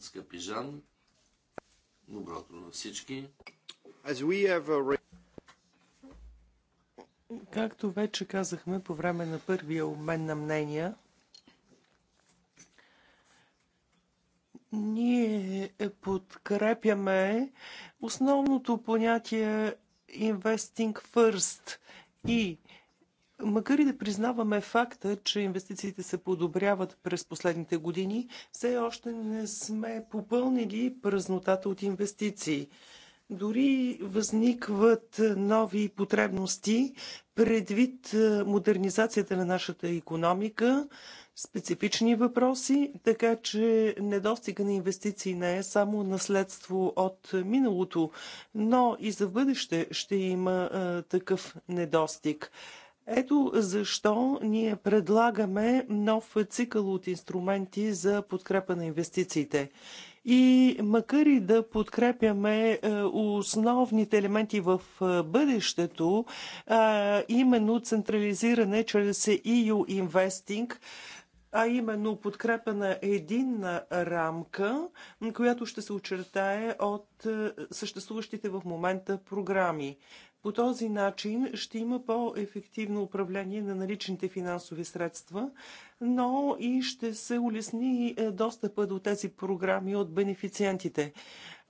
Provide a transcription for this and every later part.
скъпи Жан. Доброто на всички. Както вече казахме по време на първия обмен на мнения, ние подкрепяме основното понятие Investing First и Макар и да признаваме факта, че инвестициите се подобряват през последните години, все още не сме попълнили празнотата от инвестиции. Дори възникват нови потребности предвид е, модернизацията на нашата економика, специфични въпроси, така че недостига на инвестиции не е само наследство от миналото, но и за бъдеще ще има е, такъв недостиг. Ето защо ние предлагаме нов цикъл от инструменти за подкрепа на инвестициите. И макар и да подкрепяме е, основните елементи в е, бъдещето, е, именно централизиране чрез EU Investing, а именно подкрепа на единна рамка, която ще се очертае от съществуващите в момента програми. По този начин ще има по-ефективно управление на наличните финансови средства, но и ще се улесни е, достъпа до тези програми от бенефициентите.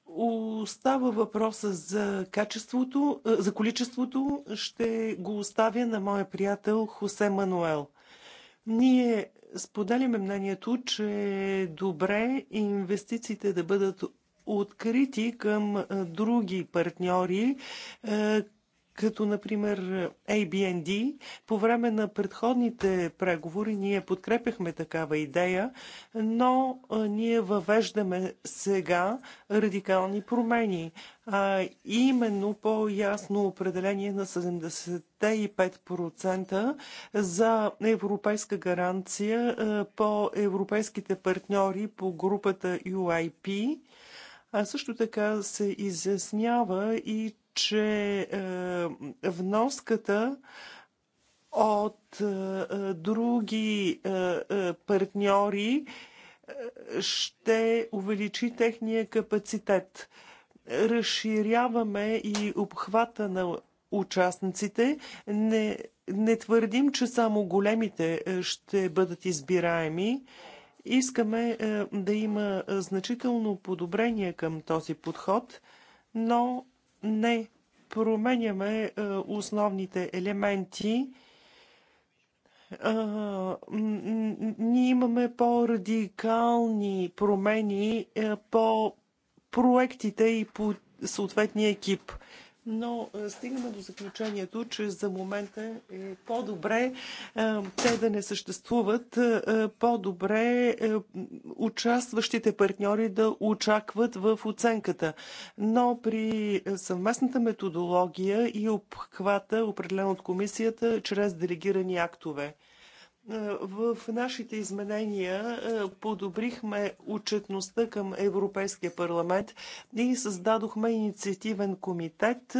Остава въпроса за качеството, е, за количеството. Ще го оставя на моя приятел Хосе Мануел. Ние споделяме мнението, че е добре инвестициите да бъдат открити към е, други партньори, като например ABND. По време на предходните преговори ние подкрепяхме такава идея, но ние въвеждаме сега радикални промени, а именно по-ясно определение на 75% за европейска гаранция по европейските партньори по групата UIP. А също така се изяснява и че е, вноската от е, е, други партньори ще увеличи техния капацитет. Разширяваме и обхвата на участниците. Не, не твърдим, че само големите ще бъдат избираеми. Искаме да има значително подобрение към този подход, но не променяме е, основните елементи. Ние имаме по-радикални промени е, по проектите и по съответния екип но е, стигаме до заключението, че за момента е по-добре е, те да не съществуват, е, по-добре участващите партньори да очакват в оценката. Но при съвместната методология и обхвата, определен от комисията, чрез делегирани актове. Е, в нашите изменения е, подобрихме отчетността към Европейския парламент и създадохме инициативен комитет.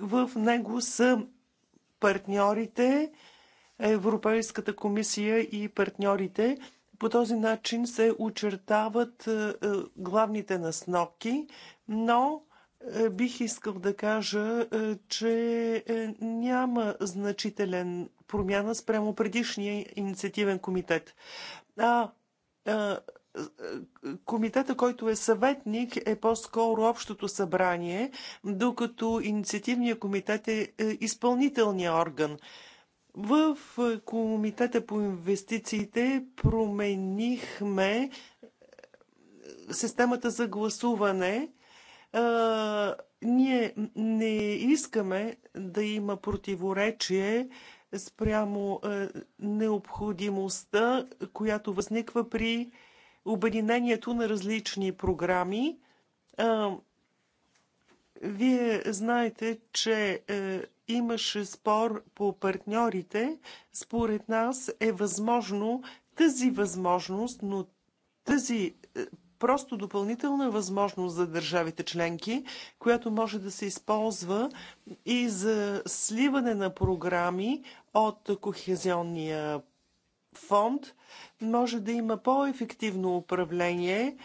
В него са партньорите, Европейската комисия и партньорите. По този начин се очертават е, главните насноки, но е, бих искал да кажа, е, че е, няма значителен промяна спрямо предишния инициативен комитет. А, а комитета, който е съветник, е по-скоро общото събрание, докато инициативният комитет е изпълнителният орган. В комитета по инвестициите променихме системата за гласуване ние не искаме да има противоречие спрямо необходимостта, която възниква при обединението на различни програми. Вие знаете, че е, имаше спор по партньорите. Според нас е възможно тази възможност, но тази просто допълнителна възможност за държавите членки, която може да се използва и за сливане на програми от кохезионния фонд. Може да има по-ефективно управление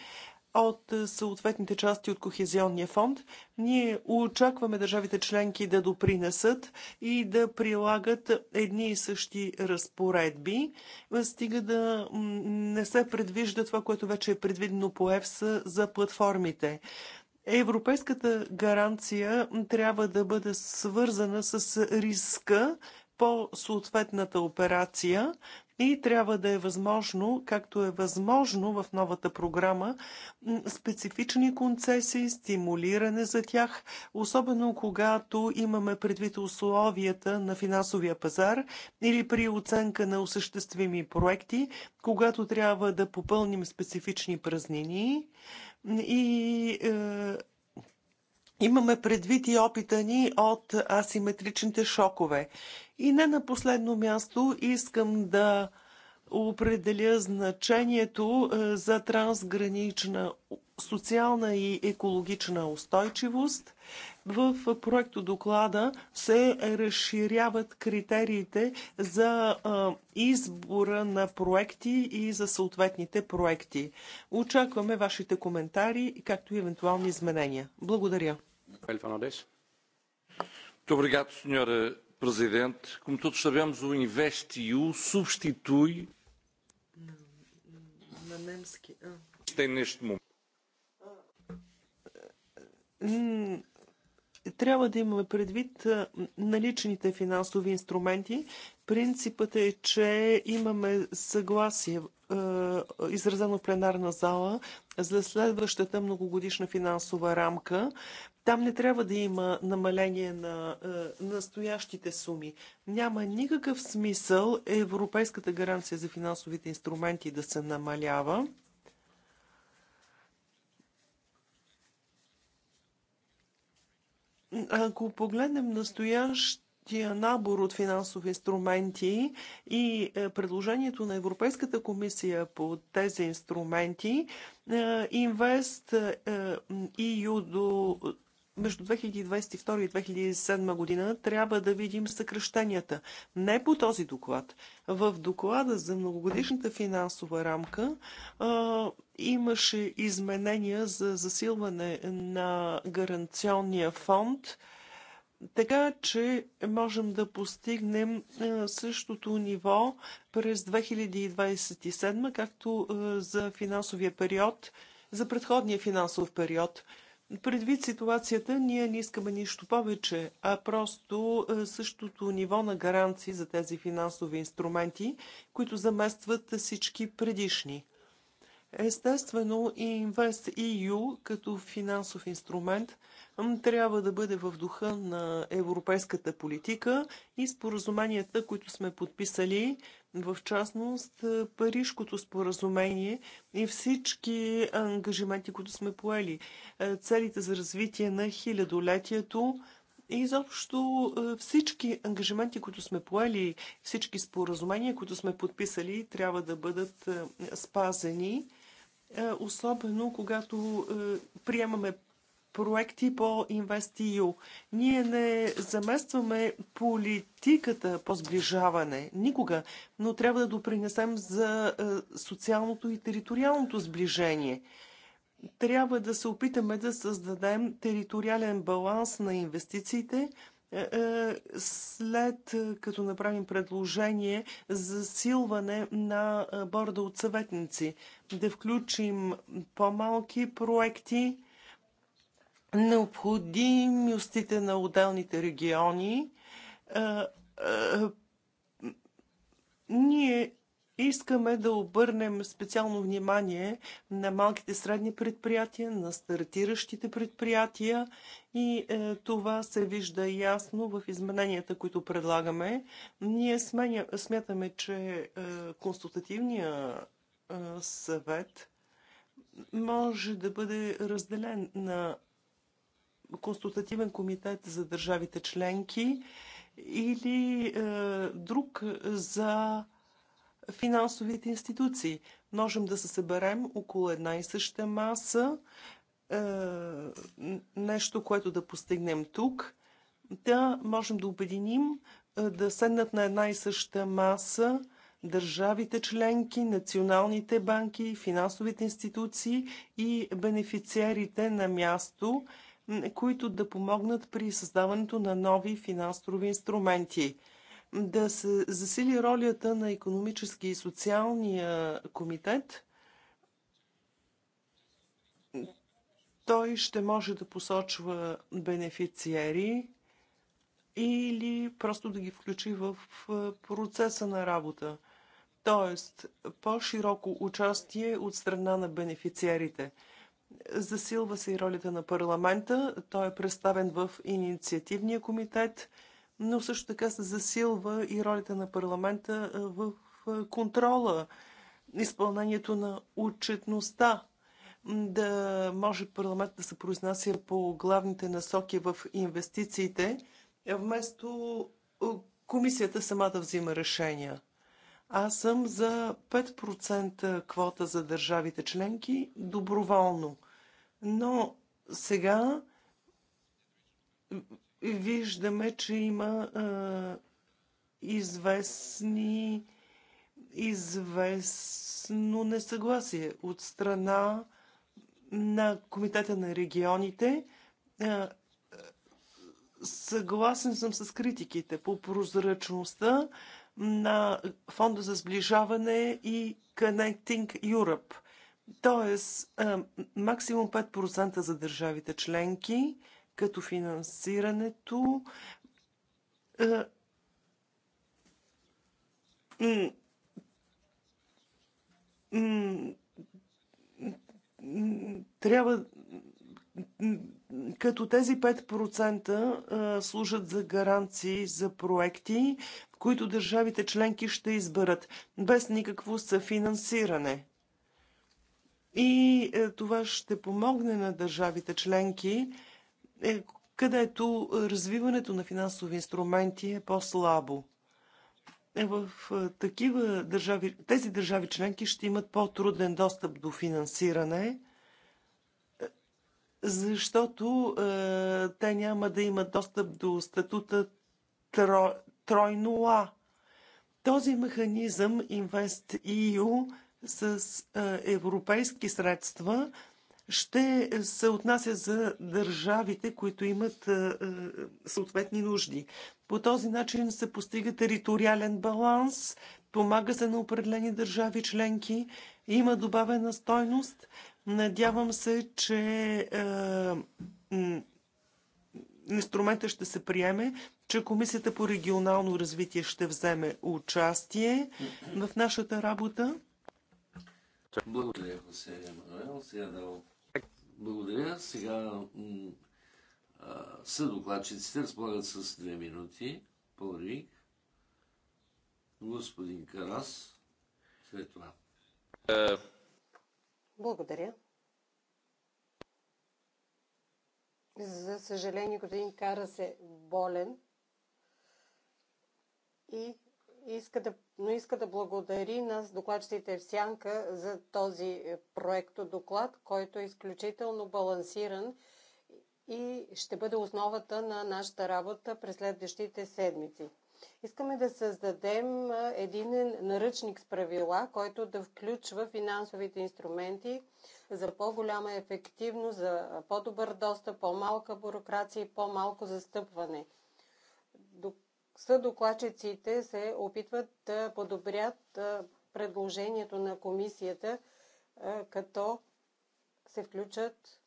от е, съответните части от Кохезионния фонд. Ние очакваме държавите членки да допринесат и да прилагат едни и същи разпоредби, стига да не се предвижда това, което вече е предвидено по ЕФСА за платформите. Европейската гаранция трябва да бъде свързана с риска по съответната операция, и трябва да е възможно, както е възможно в новата програма, специфични концесии, стимулиране за тях, особено когато имаме предвид условията на финансовия пазар или при оценка на осъществими проекти, когато трябва да попълним специфични празнини и е, Имаме предвид и опита ни от асиметричните шокове. И не на последно място искам да определя значението е, за трансгранична социална и екологична устойчивост. В проекто доклада се разширяват критериите за е, избора на проекти и за съответните проекти. Очакваме вашите коментари, както и евентуални изменения. Благодаря. Добре, Presidente. Como todos sabemos, o InvestEU substitui. Tem neste momento. Трябва да имаме предвид наличните финансови инструменти. Принципът е, че имаме съгласие изразено в пленарна зала за следващата многогодишна финансова рамка там не трябва да има намаление на е, настоящите суми. Няма никакъв смисъл европейската гаранция за финансовите инструменти да се намалява. Ако погледнем настоящ набор от финансови инструменти и е, предложението на Европейската комисия по тези инструменти, е, Инвест EU е, до между 2022 и 2007 година трябва да видим съкръщенията. Не по този доклад. В доклада за многогодишната финансова рамка а, имаше изменения за засилване на гаранционния фонд, така че можем да постигнем същото ниво през 2027, както за финансовия период, за предходния финансов период – Предвид ситуацията, ние не искаме нищо повече, а просто е, същото ниво на гаранции за тези финансови инструменти, които заместват всички предишни. Естествено, и Invest EU като финансов инструмент трябва да бъде в духа на европейската политика и споразуменията, които сме подписали в частност е, Парижкото споразумение и всички ангажименти, които сме поели, е, целите за развитие на хилядолетието и изобщо е, всички ангажименти, които сме поели, всички споразумения, които сме подписали, трябва да бъдат спазени особено когато приемаме проекти по InvestEU. Ние не заместваме политиката по сближаване никога, но трябва да допринесем за е, социалното и териториалното сближение. Трябва да се опитаме да създадем териториален баланс на инвестициите, е, е, след като направим предложение за силване на борда от съветници, да включим по-малки проекти, необходимостите на отделните региони. Ние искаме да обърнем специално внимание на малките средни предприятия, на стартиращите предприятия и е, това се вижда ясно в измененията, които предлагаме. Ние сменя, смятаме, че е, консултативния е, съвет може да бъде разделен на консултативен комитет за държавите членки или е, друг за финансовите институции. Можем да се съберем около една и съща маса, е, нещо, което да постигнем тук, да можем да обединим, е, да седнат на една и съща маса държавите членки, националните банки, финансовите институции и бенефициарите на място – които да помогнат при създаването на нови финансови инструменти. Да се засили ролята на економически и социалния комитет. Той ще може да посочва бенефициери или просто да ги включи в процеса на работа т.е. по-широко участие от страна на бенефициерите. Засилва се и ролята на парламента. Той е представен в инициативния комитет, но също така се засилва и ролята на парламента в контрола, изпълнението на отчетността да може парламент да се произнася по главните насоки в инвестициите, вместо комисията сама да взима решения. Аз съм за 5% квота за държавите членки доброволно но сега виждаме, че има а, известни, известно несъгласие от страна на Комитета на регионите. А, съгласен съм с критиките по прозрачността на Фонда за сближаване и Connecting Europe. Тоест, максимум 5% за държавите членки, като финансирането трябва като тези 5% служат за гаранции за проекти, които държавите членки ще изберат без никакво съфинансиране. И е, това ще помогне на държавите членки, е, където развиването на финансови инструменти е по-слабо. Е, в такива държави, тези държави членки ще имат по-труден достъп до финансиране, защото те няма да имат достъп до статута тро, тройно А. Този механизъм InvestEU с европейски средства ще се отнася за държавите, които имат съответни нужди. По този начин се постига териториален баланс, помага се на определени държави членки, има добавена стойност. Надявам се, че а, инструмента ще се приеме, че Комисията по регионално развитие ще вземе участие в нашата работа. Благодаря, Хосе Мануел. Сега да... Благодаря. Сега съдокладчиците разполагат с две минути. Първи. Господин Карас. След това. Е, Благодаря. За съжаление, господин Карас е болен и иска да, но иска да благодари на докладчиците в Сянка за този е, проекто доклад, който е изключително балансиран и ще бъде основата на нашата работа през следващите седмици. Искаме да създадем е, един наръчник с правила, който да включва финансовите инструменти за по-голяма ефективност, за по-добър достъп, по-малка бюрокрация и по-малко застъпване – съдокладчиците се опитват да подобрят предложението на комисията, като се включат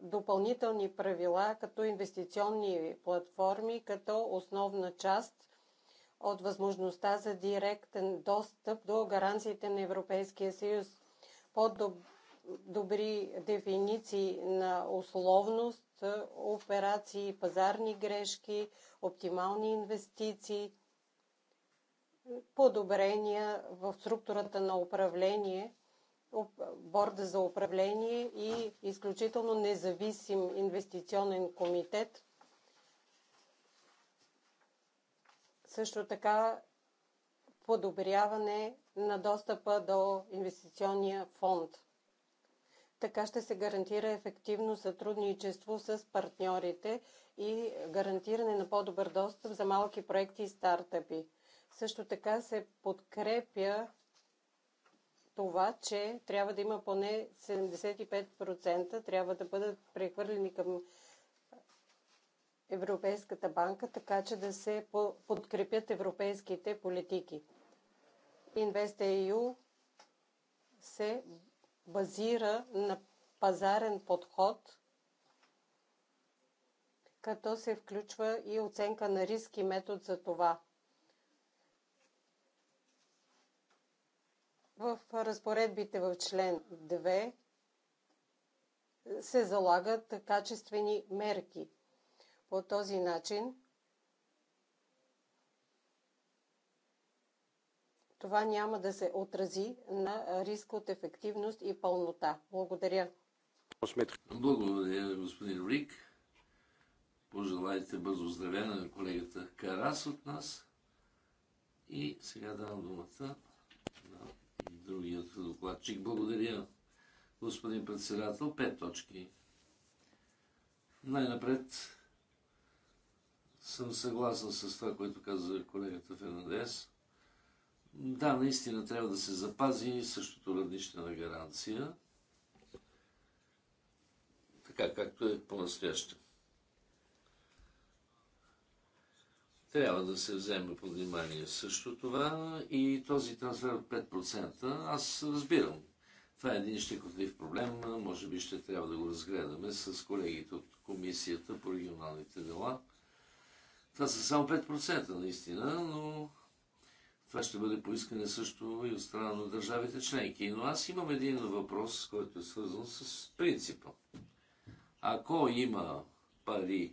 допълнителни правила, като инвестиционни платформи, като основна част от възможността за директен достъп до гаранциите на Европейския съюз, по-добри дефиниции на условност, операции, пазарни грешки, оптимални инвестиции, подобрения в структурата на управление, борда за управление и изключително независим инвестиционен комитет. Също така подобряване на достъпа до инвестиционния фонд. Така ще се гарантира ефективно сътрудничество с партньорите и гарантиране на по-добър достъп за малки проекти и стартъпи. Също така се подкрепя това, че трябва да има поне 75%, трябва да бъдат прехвърлени към Европейската банка, така че да се подкрепят европейските политики. InvestEU се базира на пазарен подход, като се включва и оценка на риски метод за това. В разпоредбите в член 2 се залагат качествени мерки. По този начин това няма да се отрази на риск от ефективност и пълнота. Благодаря. Благодаря, господин Рик. Пожелайте бързо здраве на колегата Карас от нас. И сега давам думата на другият докладчик. Благодаря, господин председател. Пет точки. Най-напред съм съгласен с това, което каза колегата Фернандес да, наистина трябва да се запази същото равнище на гаранция, така както е по-настояще. Трябва да се вземе под внимание също това и този трансфер от 5%. Аз разбирам. Това е един щекотлив проблем. Може би ще трябва да го разгледаме с колегите от Комисията по регионалните дела. Това са само 5% наистина, но това ще бъде поискане също и от страна на държавите членки. Но аз имам един въпрос, който е свързан с принципа. Ако има пари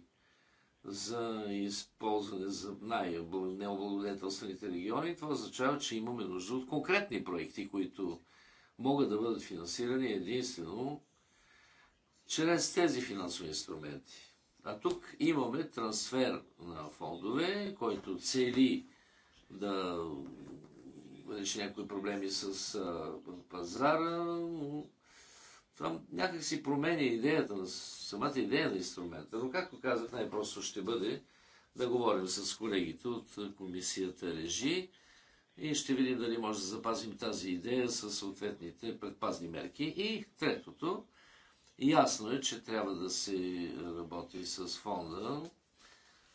за използване за най-необлагодетелствените региони, това означава, че имаме нужда от конкретни проекти, които могат да бъдат финансирани единствено чрез тези финансови инструменти. А тук имаме трансфер на фондове, който цели да реши някои проблеми с а, пазара, но това някак си променя идеята на самата идея на инструмента. Но както казах, най-просто ще бъде да говорим с колегите от комисията Режи и ще видим дали може да запазим тази идея с съответните предпазни мерки. И третото, ясно е, че трябва да се работи с фонда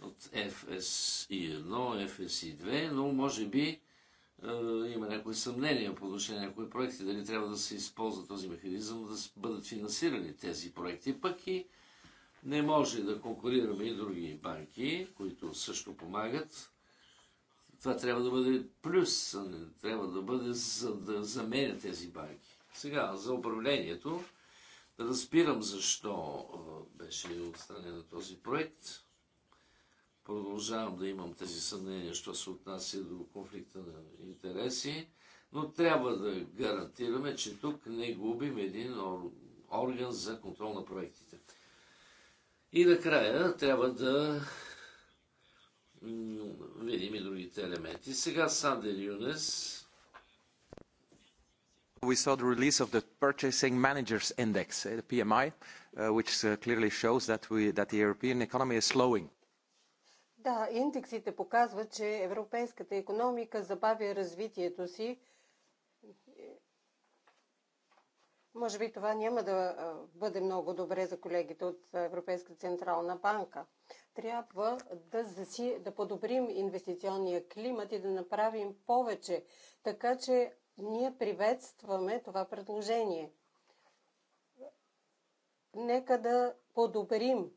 от FSI1, FSI2, но може би е, има някои съмнения по отношение на някои проекти, дали трябва да се използва този механизъм, да бъдат финансирани тези проекти, пък и не може да конкурираме и други банки, които също помагат. Това трябва да бъде плюс, не трябва да бъде за да заменя тези банки. Сега, за управлението, да разбирам защо е, беше отстранен този проект. Продължавам да имам тези съмнения, що се отнася до конфликта на интереси, но трябва да гарантираме, че тук не губим един орган за контрол на проектите. И накрая трябва да видим и другите елементи. Сега Сандер Юнес. We saw the release of the Purchasing Managers Index, the PMI, uh, which uh, clearly shows that, we, that the European economy is slowing. Да, индексите показват, че европейската економика забавя развитието си. Може би това няма да бъде много добре за колегите от Европейска централна банка. Трябва да, заси, да подобрим инвестиционния климат и да направим повече. Така че ние приветстваме това предложение. Нека да подобрим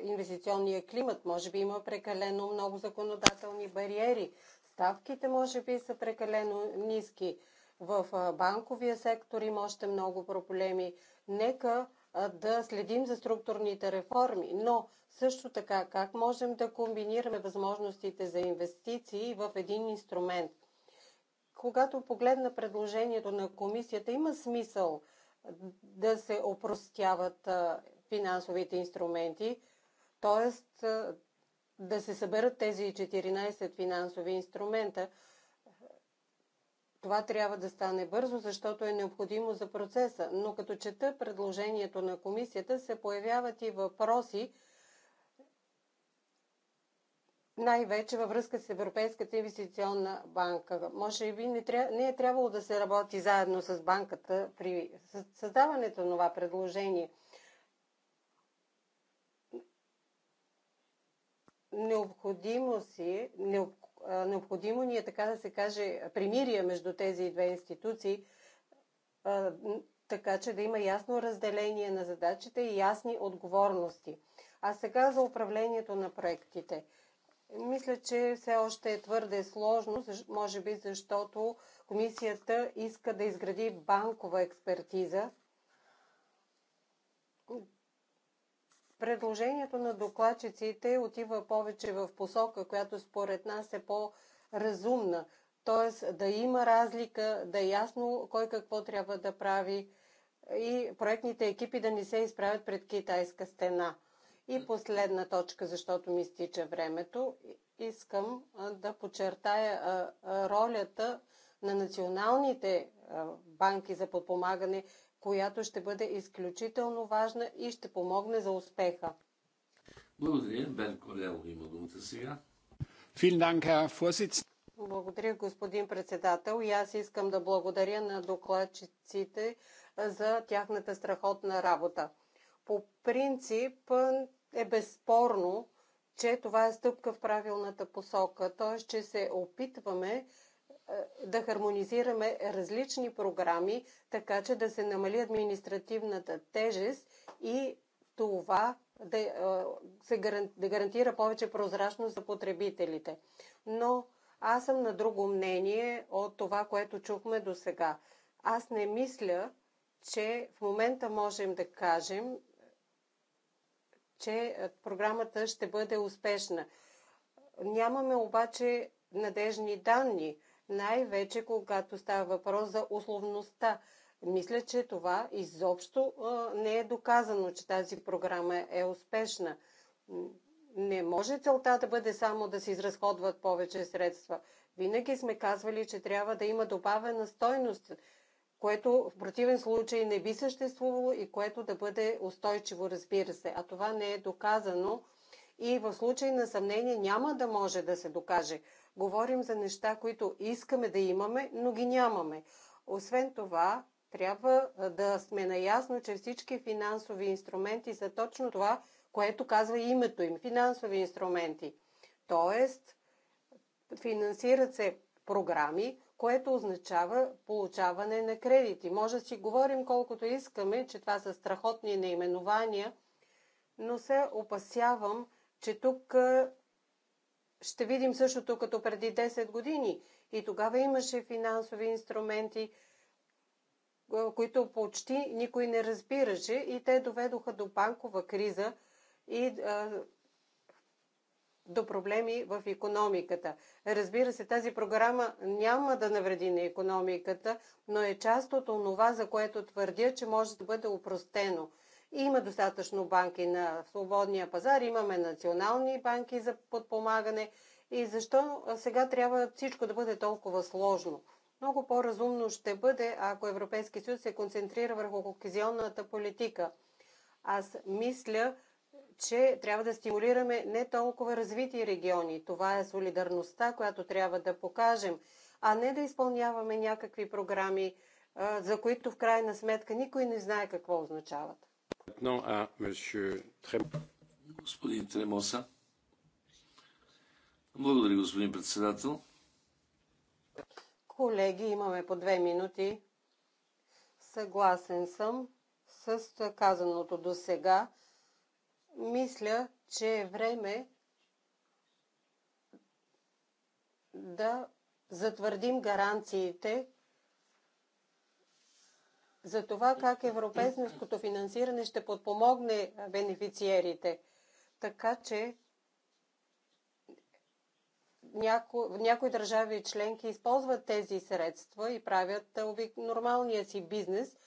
инвестиционния климат. Може би има прекалено много законодателни бариери. Ставките може би са прекалено ниски. В банковия сектор има още много проблеми. Нека да следим за структурните реформи, но също така как можем да комбинираме възможностите за инвестиции в един инструмент. Когато погледна предложението на комисията, има смисъл да се опростяват финансовите инструменти, т.е. да се съберат тези 14 финансови инструмента. Това трябва да стане бързо, защото е необходимо за процеса. Но като чета предложението на комисията, се появяват и въпроси, най-вече във връзка с Европейската инвестиционна банка. Може би не, тря... не е трябвало да се работи заедно с банката при създаването на това предложение – Необходимо, си, необ, необходимо ни е, така да се каже, примирие между тези две институции, така че да има ясно разделение на задачите и ясни отговорности. А сега за управлението на проектите. Мисля, че все още е твърде сложно, може би защото комисията иска да изгради банкова експертиза, Предложението на докладчиците отива повече в посока, която според нас е по-разумна. Т.е. да има разлика, да е ясно кой какво трябва да прави и проектните екипи да не се изправят пред китайска стена. И последна точка, защото ми стича времето, искам да подчертая ролята на националните банки за подпомагане която ще бъде изключително важна и ще помогне за успеха. Благодаря. Бен Корел има думата сега. Благодаря, господин председател. И аз искам да благодаря на докладчиците за тяхната страхотна работа. По принцип е безспорно, че това е стъпка в правилната посока, т.е. че се опитваме да хармонизираме различни програми, така че да се намали административната тежест и това да, е, се да гарантира повече прозрачност за потребителите. Но аз съм на друго мнение от това, което чухме до сега. Аз не мисля, че в момента можем да кажем, че е, програмата ще бъде успешна. Нямаме обаче надежни данни – най-вече когато става въпрос за условността. Мисля, че това изобщо не е доказано, че тази програма е успешна. Не може целта да бъде само да се изразходват повече средства. Винаги сме казвали, че трябва да има добавена стойност, което в противен случай не би съществувало и което да бъде устойчиво, разбира се. А това не е доказано и в случай на съмнение няма да може да се докаже. Говорим за неща, които искаме да имаме, но ги нямаме. Освен това, трябва да сме наясно, че всички финансови инструменти са точно това, което казва името им финансови инструменти. Тоест, финансират се програми, което означава получаване на кредити. Може да си говорим колкото искаме, че това са страхотни наименования, но се опасявам, че тук ще видим същото като преди 10 години. И тогава имаше финансови инструменти, които почти никой не разбираше и те доведоха до банкова криза и а, до проблеми в економиката. Разбира се, тази програма няма да навреди на економиката, но е част от онова, за което твърдя, че може да бъде упростено. Има достатъчно банки на свободния пазар, имаме национални банки за подпомагане. И защо сега трябва всичко да бъде толкова сложно? Много по-разумно ще бъде, ако Европейски съюз се концентрира върху кохезионната политика. Аз мисля, че трябва да стимулираме не толкова развити региони. Това е солидарността, която трябва да покажем, а не да изпълняваме някакви програми, за които в крайна сметка никой не знае какво означават. Господин Тремоса. Благодаря, господин председател. Колеги, имаме по две минути. Съгласен съм с казаното до сега. Мисля, че е време да затвърдим гаранциите, за това как европейското финансиране ще подпомогне бенефициерите. Така че няко, някои държави членки използват тези средства и правят нормалния си бизнес,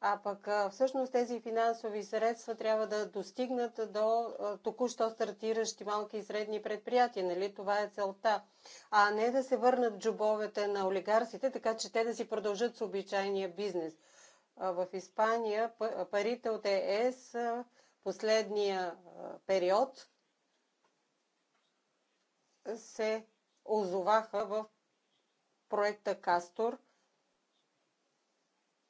а пък всъщност тези финансови средства трябва да достигнат до току-що стартиращи малки и средни предприятия. Нали? Това е целта. А не да се върнат джобовете на олигарсите, така че те да си продължат с обичайния бизнес. В Испания парите от ЕС последния период се озоваха в проекта Кастор –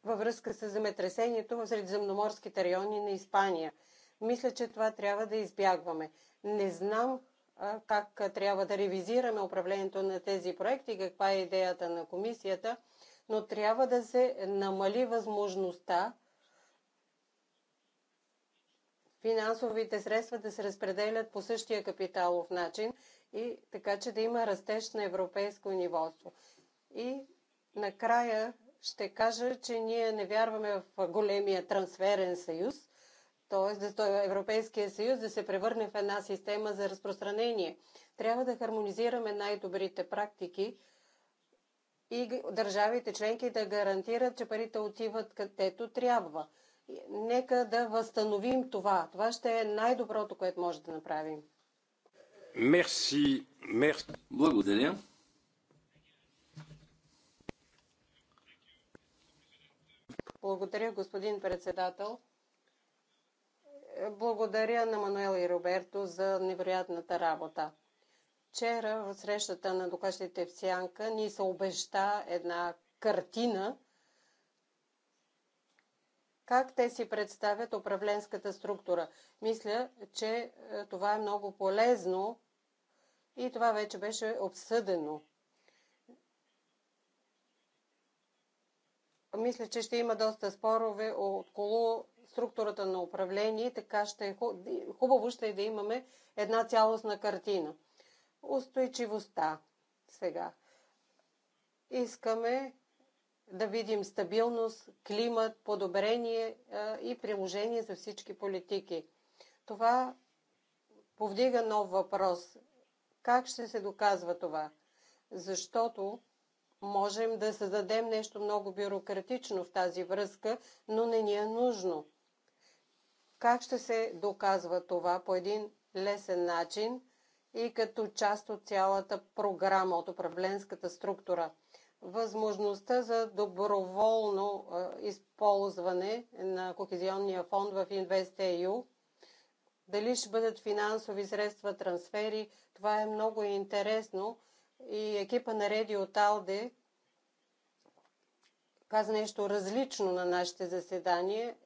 във връзка с земетресението в средиземноморските райони на Испания. Мисля, че това трябва да избягваме. Не знам как трябва да ревизираме управлението на тези проекти, каква е идеята на комисията, но трябва да се намали възможността финансовите средства да се разпределят по същия капиталов начин и така, че да има растеж на европейско ниво. И накрая ще кажа, че ние не вярваме в големия трансферен съюз, т.е. Европейския съюз да се превърне в една система за разпространение. Трябва да хармонизираме най-добрите практики и държавите членки да гарантират, че парите отиват където трябва. Нека да възстановим това. Това ще е най-доброто, което може да направим. Мерси. Мерси. Благодаря. Благодаря, господин председател. Благодаря на Мануел и Роберто за невероятната работа. Вчера в срещата на докачите в Сянка ни се обеща една картина, как те си представят управленската структура. Мисля, че е, това е много полезно и това вече беше обсъдено. мисля, че ще има доста спорове около структурата на управление, така ще е хубаво ще е да имаме една цялостна картина. Устойчивостта сега. Искаме да видим стабилност, климат, подобрение и приложение за всички политики. Това повдига нов въпрос. Как ще се доказва това? Защото можем да създадем нещо много бюрократично в тази връзка, но не ни е нужно. Как ще се доказва това по един лесен начин и като част от цялата програма, от управленската структура? Възможността за доброволно използване на Кохезионния фонд в InvestEU дали ще бъдат финансови средства, трансфери. Това е много интересно, и екипа на Редио Талде каза нещо различно на нашите заседания,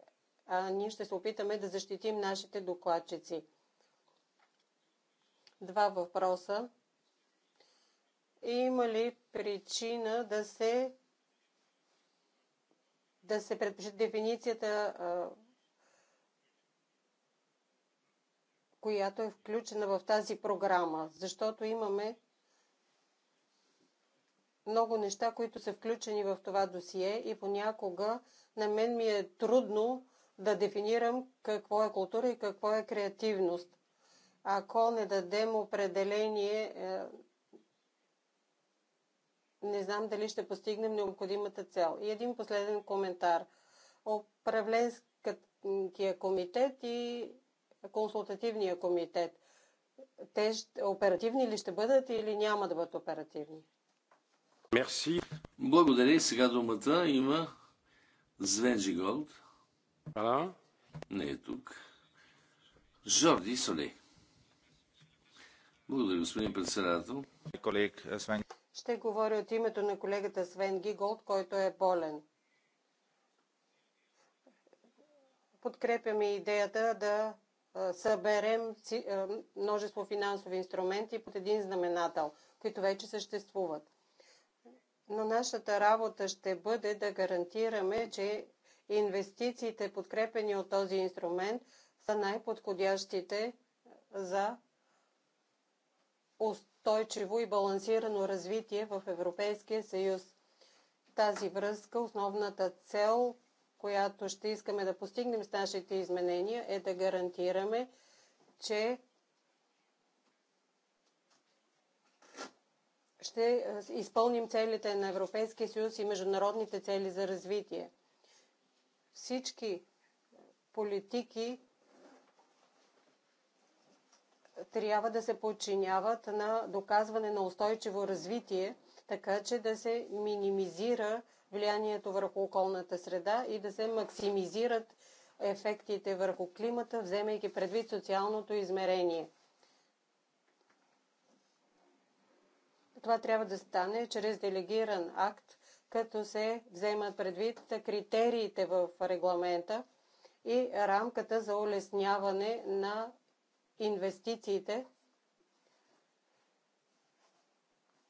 а ние ще се опитаме да защитим нашите докладчици. Два въпроса. Има ли причина да се да се предпочита дефиницията, която е включена в тази програма, защото имаме много неща, които са включени в това досие и понякога на мен ми е трудно да дефинирам какво е култура и какво е креативност. Ако не дадем определение, е, не знам дали ще постигнем необходимата цел. И един последен коментар. Управленския комитет и консултативния комитет. Те оперативни ли ще бъдат или няма да бъдат оперативни? Мерси. Благодаря. Сега думата има Звен Жиголд. Ала? Не е тук. Жорди Соли. Благодаря, господин председател. Колег е, Свен. Ще говоря от името на колегата Свен Гиголд, който е болен. Подкрепяме идеята да е, съберем е, множество финансови инструменти под един знаменател, които вече съществуват но нашата работа ще бъде да гарантираме, че инвестициите, подкрепени от този инструмент, са най-подходящите за устойчиво и балансирано развитие в Европейския съюз. Тази връзка, основната цел, която ще искаме да постигнем с нашите изменения, е да гарантираме, че ще е, изпълним целите на Европейския съюз и международните цели за развитие. Всички е, политики е, трябва да се подчиняват на доказване на устойчиво развитие, така че да се минимизира влиянието върху околната среда и да се максимизират ефектите върху климата, вземайки предвид социалното измерение – това трябва да стане чрез делегиран акт, като се вземат предвид критериите в регламента и рамката за улесняване на инвестициите,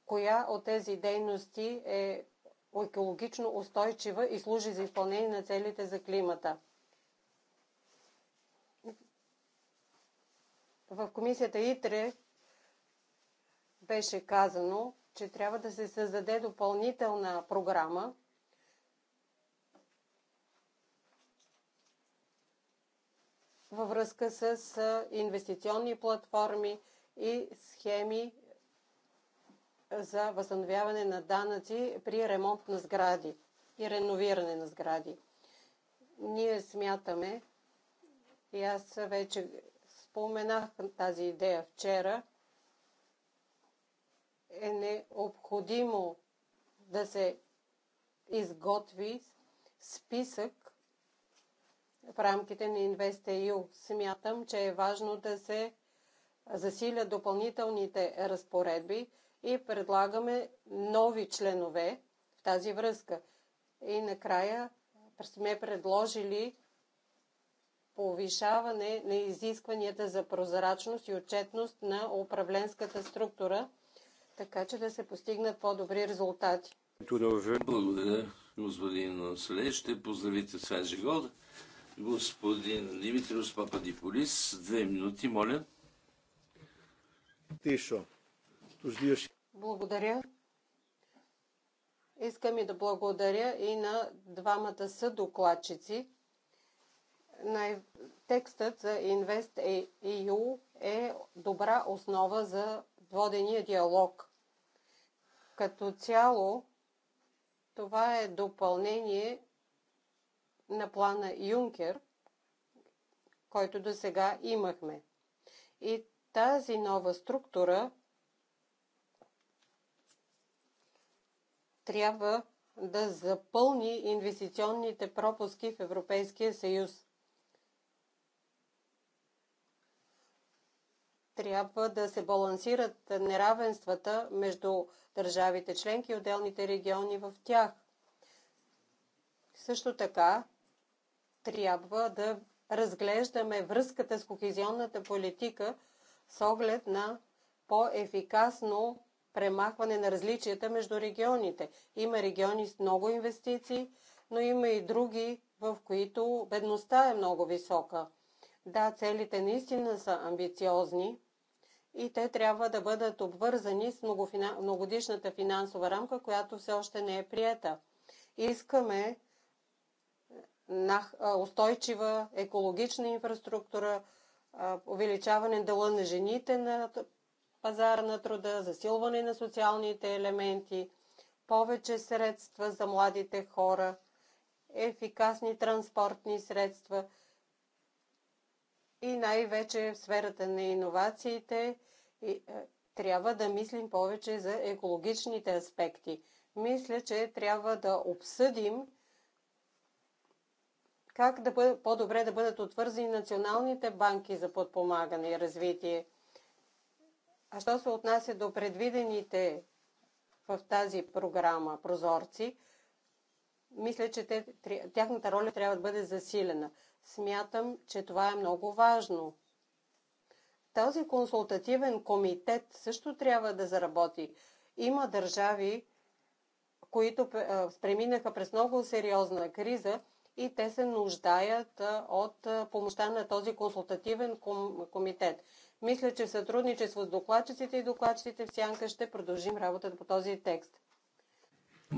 коя от тези дейности е екологично устойчива и служи за изпълнение на целите за климата. В комисията ИТРЕ беше казано, че трябва да се създаде допълнителна програма, във връзка с инвестиционни платформи и схеми за възстановяване на данъци при ремонт на сгради и реновиране на сгради. Ние смятаме, и аз вече споменах тази идея вчера, е необходимо да се изготви списък в рамките на InvestEU. Смятам, че е важно да се засилят допълнителните разпоредби и предлагаме нови членове в тази връзка. И накрая сме предложили повишаване на изискванията за прозрачност и отчетност на управленската структура – така че да се постигнат по-добри резултати. Благодаря, господин Сале. Ще поздравите с Жигод. Господин Димитриус Пападиполис, две минути, моля. Тишо. Благодаря. Искам и да благодаря и на двамата съдокладчици. Текстът за Invest EU е добра основа за водения диалог. Като цяло, това е допълнение на плана Юнкер, който до сега имахме. И тази нова структура трябва да запълни инвестиционните пропуски в Европейския съюз. трябва да се балансират неравенствата между държавите членки и отделните региони в тях. Също така трябва да разглеждаме връзката с кохезионната политика с оглед на по-ефикасно премахване на различията между регионите. Има региони с много инвестиции, но има и други, в които бедността е много висока. Да, целите наистина са амбициозни и те трябва да бъдат обвързани с многогодишната финансова рамка, която все още не е прията. Искаме е, е, устойчива екологична инфраструктура, е, увеличаване дела на жените на пазара на труда, засилване на социалните елементи, повече средства за младите хора, ефикасни транспортни средства – и най-вече в сферата на иновациите е, трябва да мислим повече за екологичните аспекти. Мисля, че трябва да обсъдим как да бъде, по-добре да бъдат отвързани националните банки за подпомагане и развитие. А що се отнася до предвидените в тази програма прозорци, мисля, че те, тяхната роля трябва да бъде засилена. Смятам, че това е много важно. Този консултативен комитет също трябва да заработи. Има държави, които преминаха през много сериозна криза и те се нуждаят от помощта на този консултативен комитет. Мисля, че в сътрудничество с докладчиците и докладчиците в Сянка ще продължим работата по този текст.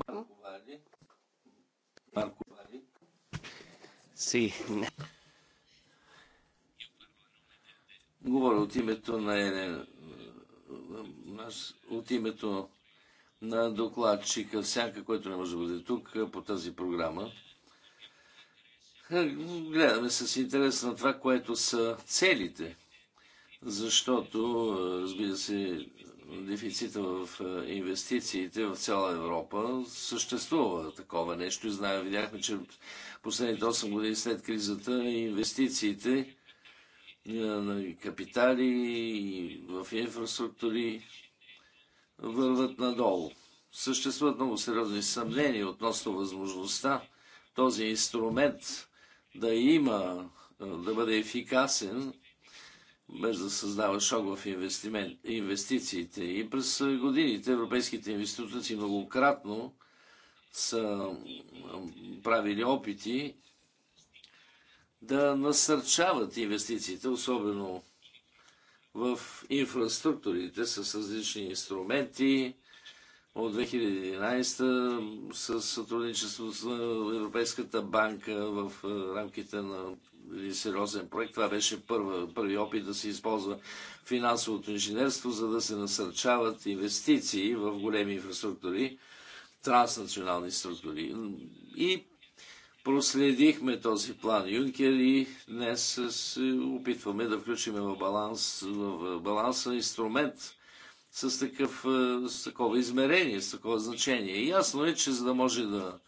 Марко Марко си. Говоря от името на ЕНЕ. Аз от името на докладчика, всяка, който не може да бъде тук по тази програма. Гледаме с интерес на това, което са целите. Защото, разбира се, дефицита в е, инвестициите в цяла Европа. Съществува такова нещо и знаем, видяхме, че последните 8 години след кризата инвестициите е, на капитали и в инфраструктури върват надолу. Съществуват много сериозни съмнения относно възможността този инструмент да има, е, да бъде ефикасен без да създава шок в инвестициите. И през годините европейските институции многократно са правили опити да насърчават инвестициите, особено в инфраструктурите с различни инструменти. От 2011 с сътрудничеството с Европейската банка в е, рамките на един сериозен проект. Това беше първа, първи опит да се използва финансовото инженерство, за да се насърчават инвестиции в големи инфраструктури, транснационални структури. И проследихме този план Юнкер и днес се опитваме да включим в, баланс, в баланса инструмент с, такъв, с такова измерение, с такова значение. И ясно е, че за да може да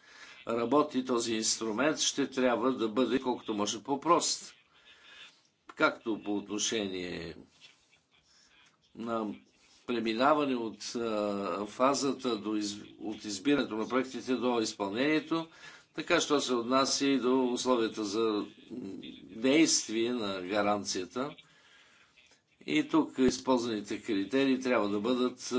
работи този инструмент, ще трябва да бъде колкото може по-прост. Както по отношение на преминаване от фазата до из... от избирането на проектите до изпълнението, така що се отнася и до условията за действие на гаранцията. И тук използваните критерии трябва да бъдат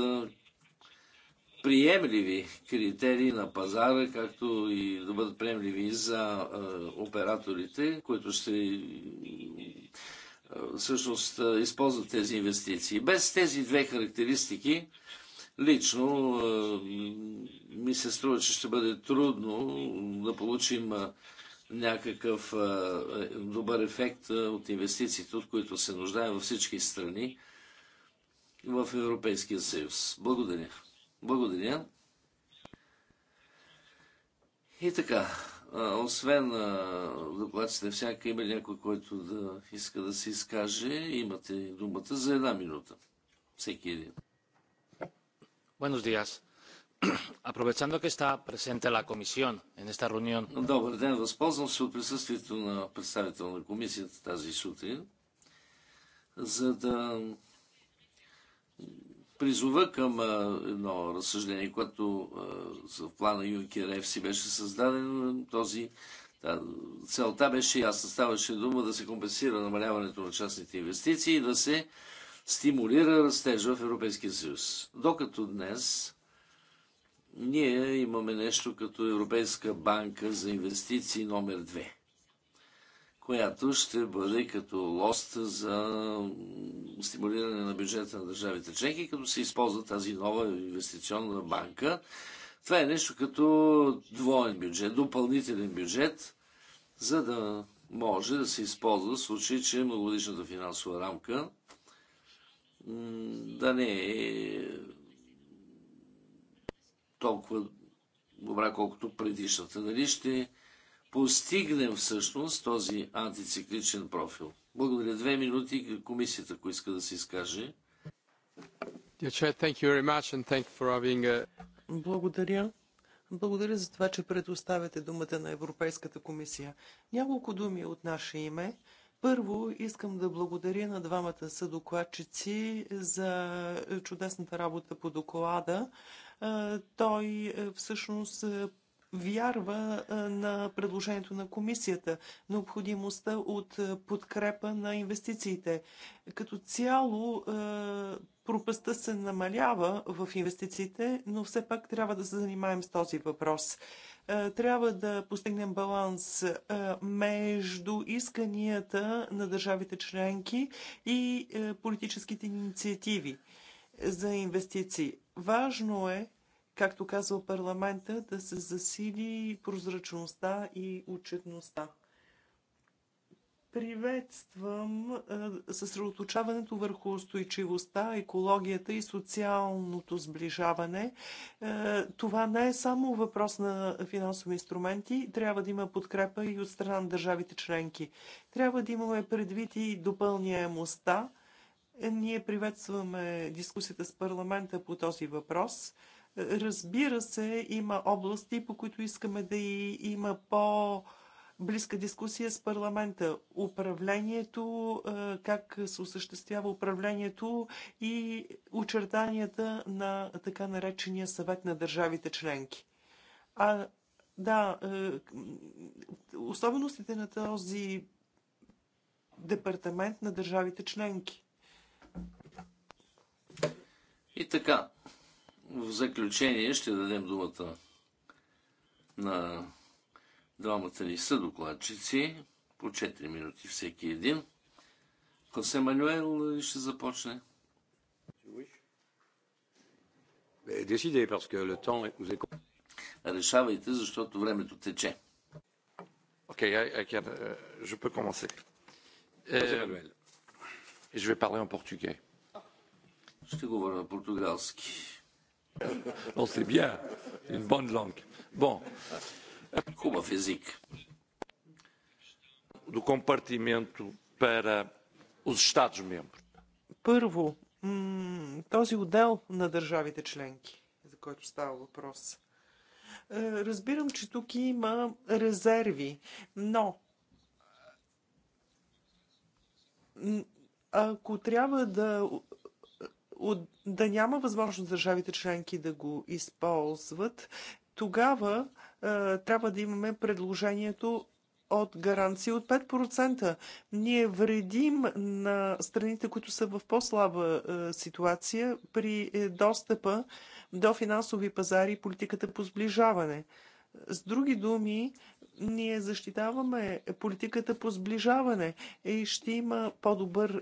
приемливи критерии на пазара, както и да бъдат приемливи за операторите, които ще всъщност използват тези инвестиции. Без тези две характеристики, лично ми се струва, че ще бъде трудно да получим някакъв добър ефект от инвестициите, от които се нуждаем във всички страни в Европейския съюз. Благодаря. Благодаря. И така, освен докладците, всяка има някой, който да иска да се изкаже. Имате думата за една минута. Всеки един. Buenos días. Aprovechando que está presente la comisión en esta reunión. Добър ден, възползвам се от присъствието на представител на комисията тази сутрин, за да призова към а, едно разсъждение, което а, в плана Юнкер ФС беше създаден. Този, да, целта беше ясна. Ставаше дума да се компенсира намаляването на частните инвестиции и да се стимулира растежа в Европейския съюз. Докато днес ние имаме нещо като Европейска банка за инвестиции номер 2 която ще бъде като лост за стимулиране на бюджета на държавите членки, като се използва тази нова инвестиционна банка. Това е нещо като двоен бюджет, допълнителен бюджет, за да може да се използва в случай, че многогодишната финансова рамка да не е толкова добра, колкото предишната. Дали ще постигнем всъщност този антицикличен профил? Благодаря. Две минути комисията, ако иска да се изкаже. Uh, благодаря. Благодаря за това, че предоставяте думата на Европейската комисия. Няколко думи от наше име. Първо искам да благодаря на двамата съдокладчици за чудесната работа по доклада. Той е, всъщност вярва на предложението на комисията, необходимостта от подкрепа на инвестициите. Като цяло пропаста се намалява в инвестициите, но все пак трябва да се занимаем с този въпрос трябва да постигнем баланс между исканията на държавите членки и политическите инициативи за инвестиции. Важно е както казва парламента, да се засили прозрачността и отчетността. Приветствам съсредоточаването върху устойчивостта, екологията и социалното сближаване. Това не е само въпрос на финансови инструменти, трябва да има подкрепа и от страна на държавите членки. Трябва да имаме предвид и допълняемостта. Ние приветстваме дискусията с парламента по този въпрос – Разбира се, има области, по които искаме да и има по- близка дискусия с парламента. Управлението, е, как се осъществява управлението и очертанията на така наречения съвет на държавите членки. А, да, е, особеностите на този департамент на държавите членки. И така, в заключение ще дадем думата на двамата ни съдокладчици по 4 минути всеки един. Хосе Манюел ще започне. Решавайте, защото времето тече. Окей, okay, I, I can, uh, euh, Ще говоря на португалски. Non, c'est bien. Une bonne langue. Bon, Хубав език. Do compartimento para os Estados-membros. Първо, този отдел на държавите членки, за който става въпрос. Е, разбирам, че тук има резерви, но ако трябва да от, да няма възможност държавите членки да го използват, тогава трябва да имаме предложението от гаранция от 5%. Ние вредим на страните, които са в по-слаба ситуация при е, достъпа до финансови пазари и политиката по сближаване. С други думи, ние защитаваме политиката по сближаване и ще има по-добър е,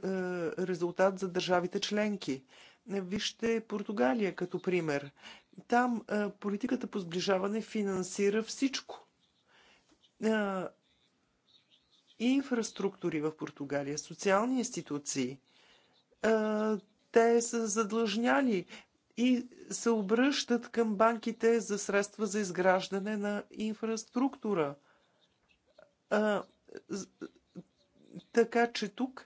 резултат за държавите членки. Вижте Португалия като пример. Там е, политиката по сближаване финансира всичко. Е, инфраструктури в Португалия, социални институции. Те са задлъжняли и се обръщат към банките за средства за изграждане на инфраструктура – а, така че тук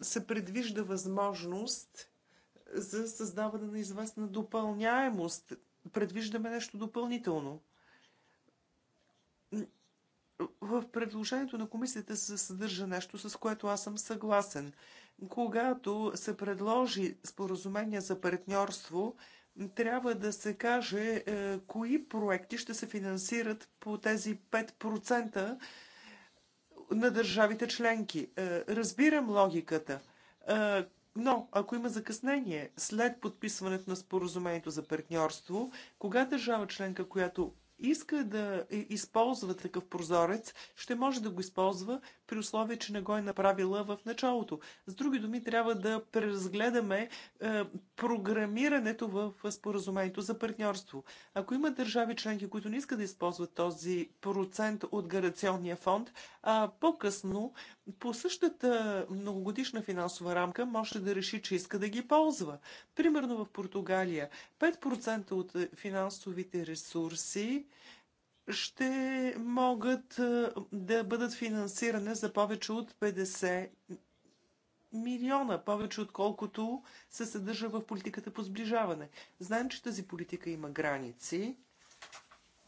се предвижда възможност за създаване на известна допълняемост. Предвиждаме нещо допълнително. В предложението на комисията се съдържа нещо, с което аз съм съгласен. Когато се предложи споразумение за партньорство, трябва да се каже е, кои проекти ще се финансират по тези 5%, на държавите членки. Е, разбирам логиката, е, но ако има закъснение след подписването на споразумението за партньорство, кога държава членка, която иска да използва такъв прозорец, ще може да го използва при условие, че не го е направила в началото. С други думи, трябва да преразгледаме е, програмирането в споразумението за партньорство. Ако има държави членки, които не искат да използват този процент от гарационния фонд, а по-късно по същата многогодишна финансова рамка може да реши, че иска да ги ползва. Примерно в Португалия 5% от е, финансовите ресурси ще могат да бъдат финансирани за повече от 50 милиона, повече отколкото се съдържа в политиката по сближаване. Знаем, че тази политика има граници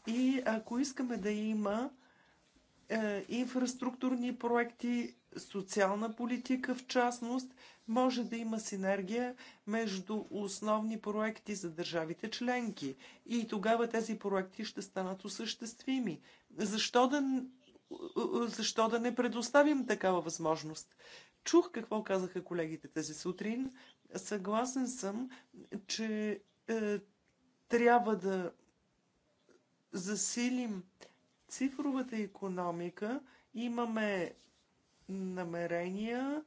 и ако искаме да има е, инфраструктурни проекти социална политика в частност, може да има синергия между основни проекти за държавите членки и тогава тези проекти ще станат осъществими. Защо да, защо да не предоставим такава възможност? Чух какво казаха колегите тези сутрин. Съгласен съм, че е, трябва да засилим цифровата економика. Имаме намерения.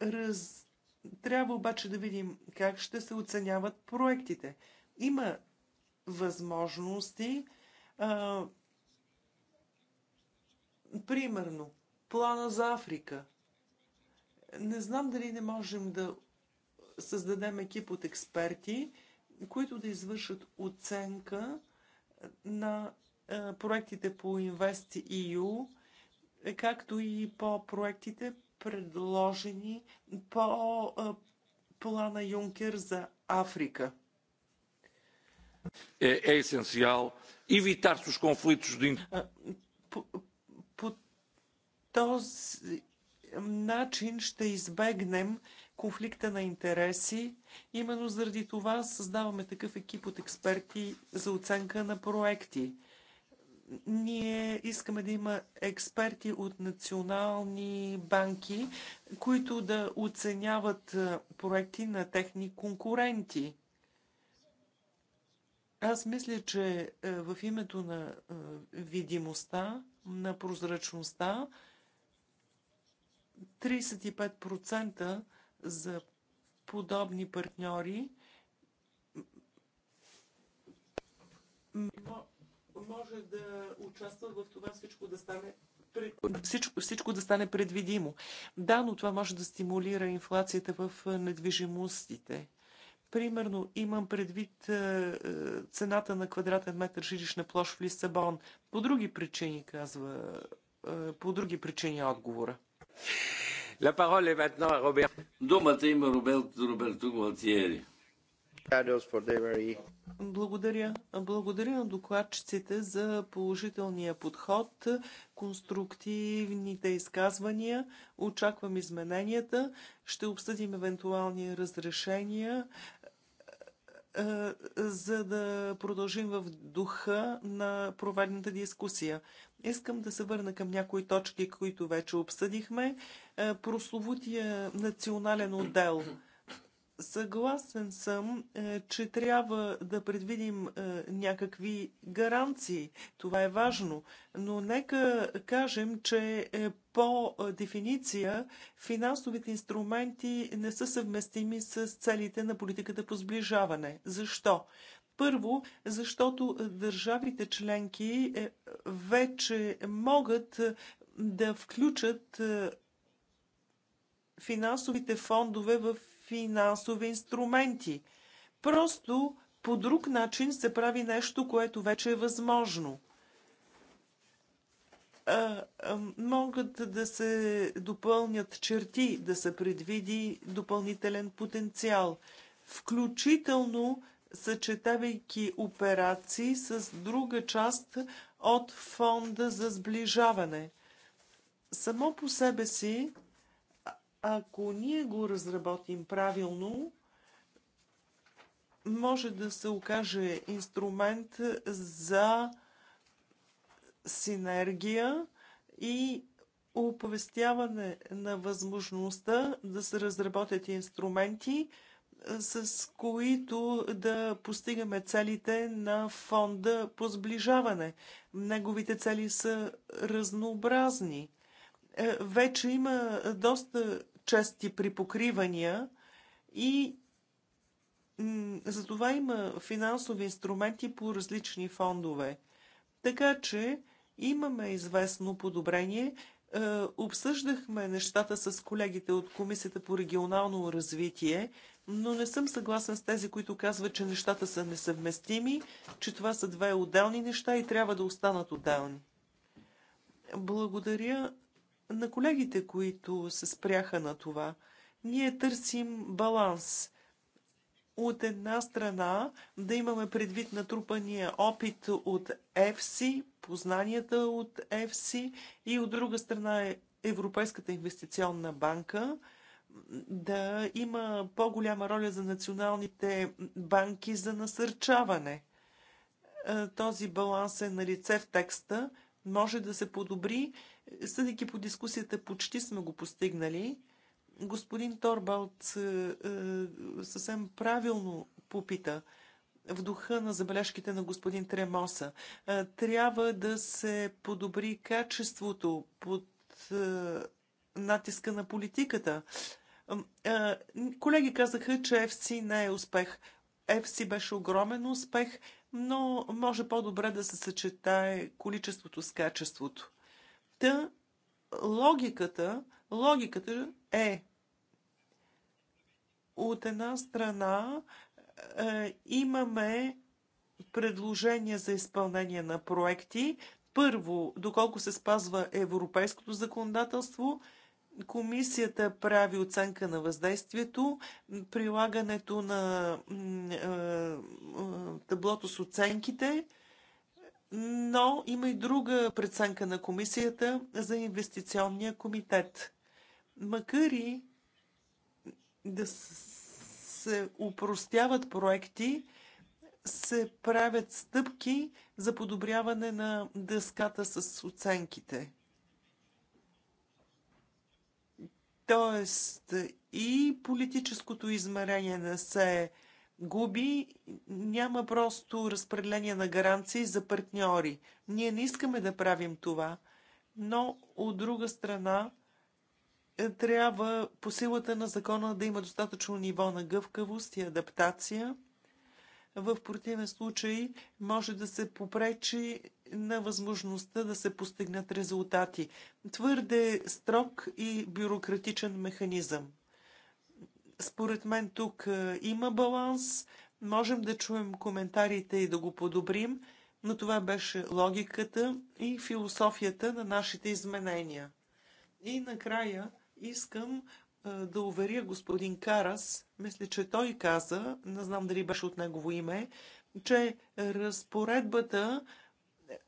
Раз... Трябва обаче да видим как ще се оценяват проектите. Има възможности. А... Примерно, плана за Африка. Не знам дали не можем да създадем екип от експерти, които да извършат оценка на проектите по InvestEU е, както и по проектите, предложени по плана Юнкер за Африка. É, é essencial evitar-se os conflitos de. по този начин ще избегнем конфликта на интереси. Именно заради това създаваме такъв екип от експерти за оценка на проекти ние искаме да има експерти от национални банки, които да оценяват проекти на техни конкуренти. Аз мисля, че в името на видимостта, на прозрачността, 35% за подобни партньори може да участва в това всичко да стане всичко, всичко да стане предвидимо. Да, но това може да стимулира инфлацията в недвижимостите. Примерно, имам предвид цената на квадратен метър жилищна площ в Лиссабон. По други причини, казва, по други причини отговора. La parole est maintenant à Robert. Думата има Роберто Роберто Гуалтиери. Благодаря. Благодаря на докладчиците за положителния подход, конструктивните изказвания. Очаквам измененията. Ще обсъдим евентуални разрешения е, за да продължим в духа на проведената дискусия. Искам да се върна към някои точки, които вече обсъдихме. Е, прословутия национален отдел – Съгласен съм, е, че трябва да предвидим е, някакви гаранции. Това е важно. Но нека кажем, че е, по дефиниция финансовите инструменти не са съвместими с целите на политиката по сближаване. Защо? Първо, защото държавите членки вече могат да включат финансовите фондове в финансови инструменти. Просто по друг начин се прави нещо, което вече е възможно. могат да се допълнят черти, да се предвиди допълнителен потенциал, включително съчетавайки операции с друга част от фонда за сближаване. Само по себе си ако ние го разработим правилно, може да се окаже инструмент за синергия и оповестяване на възможността да се разработят инструменти, с които да постигаме целите на фонда по сближаване. Неговите цели са разнообразни. Е, вече има доста чести припокривания и за това има финансови инструменти по различни фондове. Така че имаме известно подобрение. Е, обсъждахме нещата с колегите от Комисията по регионално развитие, но не съм съгласен с тези, които казват, че нещата са несъвместими, че това са две отделни неща и трябва да останат отделни. Благодаря на колегите, които се спряха на това. Ние търсим баланс. От една страна да имаме предвид натрупания опит от ЕФСИ, познанията от ЕФСИ и от друга страна е Европейската инвестиционна банка да има по-голяма роля за националните банки за насърчаване. Е, този баланс е на лице в текста, може да се подобри Съдейки по дискусията, почти сме го постигнали. Господин Торбалт е, е, съвсем правилно попита в духа на забележките на господин Тремоса. Е, трябва да се подобри качеството под натиска на политиката. Колеги казаха, че FC не е успех. FC беше огромен успех, но може по-добре да се съчетае количеството с качеството. Та логиката, логиката е от една страна е, имаме предложения за изпълнение на проекти. Първо, доколко се спазва европейското законодателство, комисията прави оценка на въздействието, прилагането на е, е, таблото с оценките, но има и друга преценка на комисията за инвестиционния комитет. Макар и да се упростяват проекти, се правят стъпки за подобряване на дъската с оценките. Тоест и политическото измерение не се е губи, няма просто разпределение на гаранции за партньори. Ние не искаме да правим това, но от друга страна е, трябва по силата на закона да има достатъчно ниво на гъвкавост и адаптация. В противен случай може да се попречи на възможността да се постигнат резултати. Твърде строг и бюрократичен механизъм. Според мен тук е, има баланс. Можем да чуем коментарите и да го подобрим, но това беше логиката и философията на нашите изменения. И накрая искам е, да уверя господин Карас, мисля, че той каза, не знам дали беше от негово име, че разпоредбата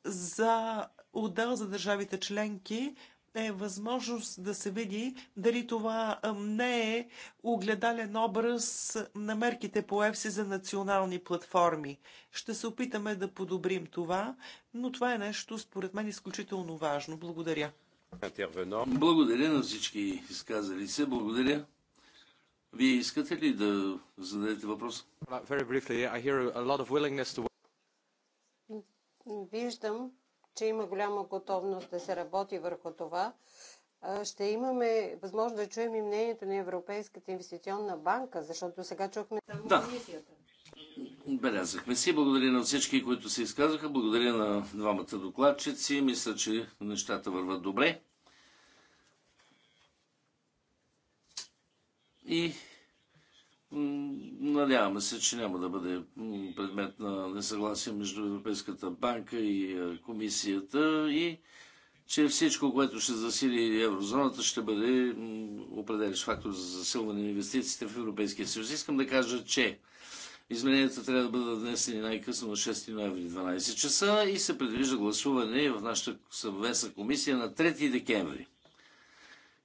за отдел за държавите членки е възможност да се види дали това не е огледален образ на мерките по ЕФСИ за национални платформи. Ще се опитаме да подобрим това, но това е нещо, според мен, изключително важно. Благодаря. Благодаря на всички изказали се. Благодаря. Вие искате ли да зададете въпрос? Виждам, че има голяма готовност да се работи върху това. Ще имаме възможност да чуем и мнението на Европейската инвестиционна банка, защото сега чухме само да. комисията. Белязахме си. Благодаря на всички, които се изказаха. Благодаря на двамата докладчици. Мисля, че нещата върват добре. И Надяваме се, че няма да бъде предмет на несъгласие между Европейската банка и е, комисията и че всичко, което ще засили еврозоната, ще бъде определящ фактор за засилване на инвестициите в Европейския съюз. Искам да кажа, че измененията трябва да бъдат внесени най-късно на 6 ноември 12 часа и се предвижда гласуване в нашата съвместна комисия на 3 декември.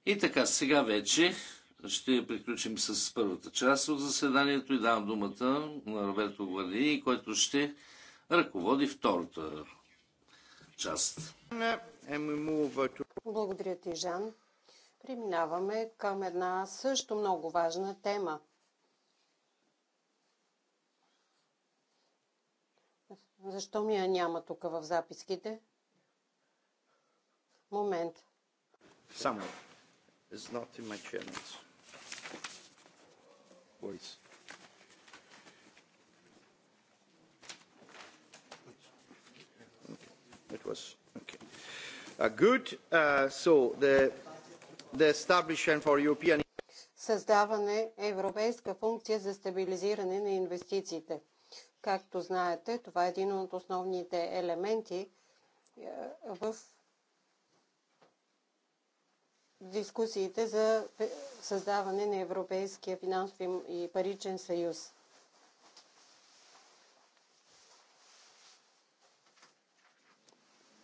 И така, сега вече ще приключим с първата част от заседанието и давам думата на Роберто Гвардини, който ще ръководи втората част. Благодаря ти, Жан. Преминаваме към една също много важна тема. Защо ми я няма тук в записките? Момент. Само. It's not in my channels depois. It was okay. Uh, good. Uh, so the the establishment for European създаване европейска функция за стабилизиране на инвестициите. Както знаете, това е един от основните елементи е, в дискусиите за създаване на Европейския финансов и паричен съюз.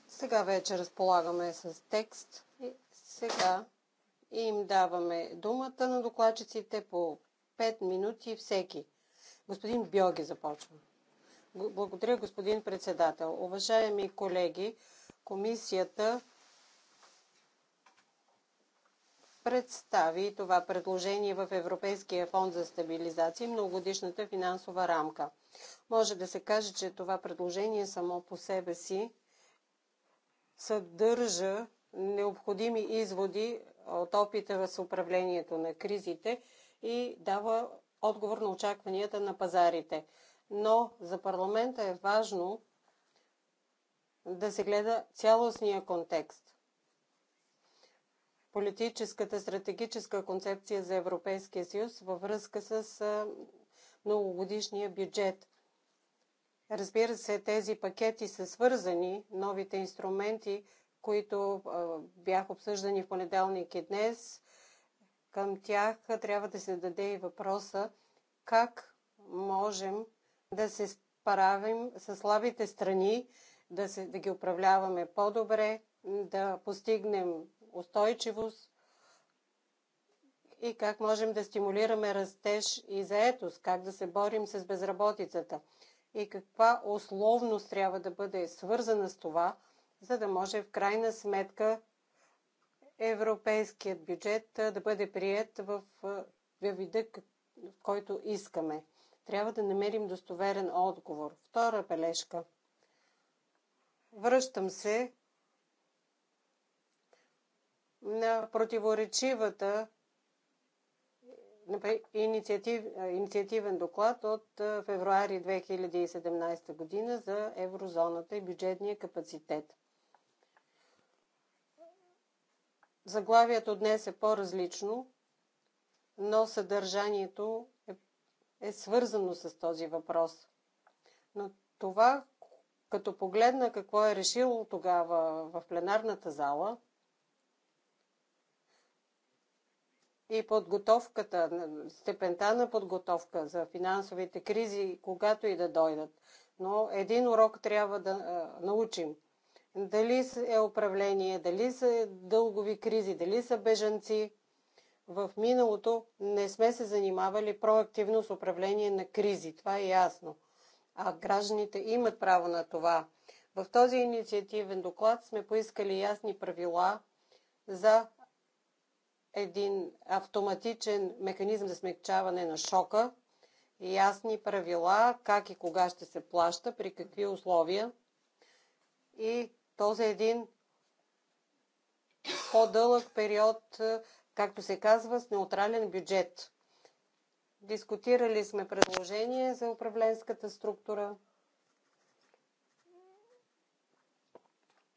Сега вече разполагаме с текст. И сега им даваме думата на докладчиците по 5 минути всеки. Господин Бьоги започва. Благодаря, господин председател. Уважаеми колеги, комисията представи това предложение в Европейския фонд за стабилизация и многогодишната финансова рамка. Може да се каже, че това предложение само по себе си съдържа необходими изводи от опита с управлението на кризите и дава отговор на очакванията на пазарите. Но за парламента е важно да се гледа цялостния контекст политическата стратегическа концепция за Европейския съюз във връзка с многогодишния бюджет. Разбира се, тези пакети са свързани, новите инструменти, които бяха обсъждани в понеделник и днес, към тях трябва да се даде и въпроса как можем да се справим с слабите страни, да, се, да ги управляваме по-добре, да постигнем устойчивост и как можем да стимулираме растеж и заетост, как да се борим с безработицата и каква условност трябва да бъде свързана с това, за да може в крайна сметка европейският бюджет да бъде прият в вида, в който искаме. Трябва да намерим достоверен отговор. Втора бележка. Връщам се на противоречивата инициатив, инициативен доклад от февруари 2017 година за еврозоната и бюджетния капацитет. Заглавието днес е по-различно, но съдържанието е, е свързано с този въпрос. Но това, като погледна какво е решило тогава в пленарната зала – и подготовката, степента на подготовка за финансовите кризи, когато и да дойдат. Но един урок трябва да а, научим. Дали е управление, дали са дългови кризи, дали са бежанци. В миналото не сме се занимавали проактивно с управление на кризи. Това е ясно. А гражданите имат право на това. В този инициативен доклад сме поискали ясни правила за един автоматичен механизъм за смягчаване на шока, ясни правила как и кога ще се плаща, при какви условия и този един по-дълъг период, както се казва, с неутрален бюджет. Дискутирали сме предложение за управленската структура.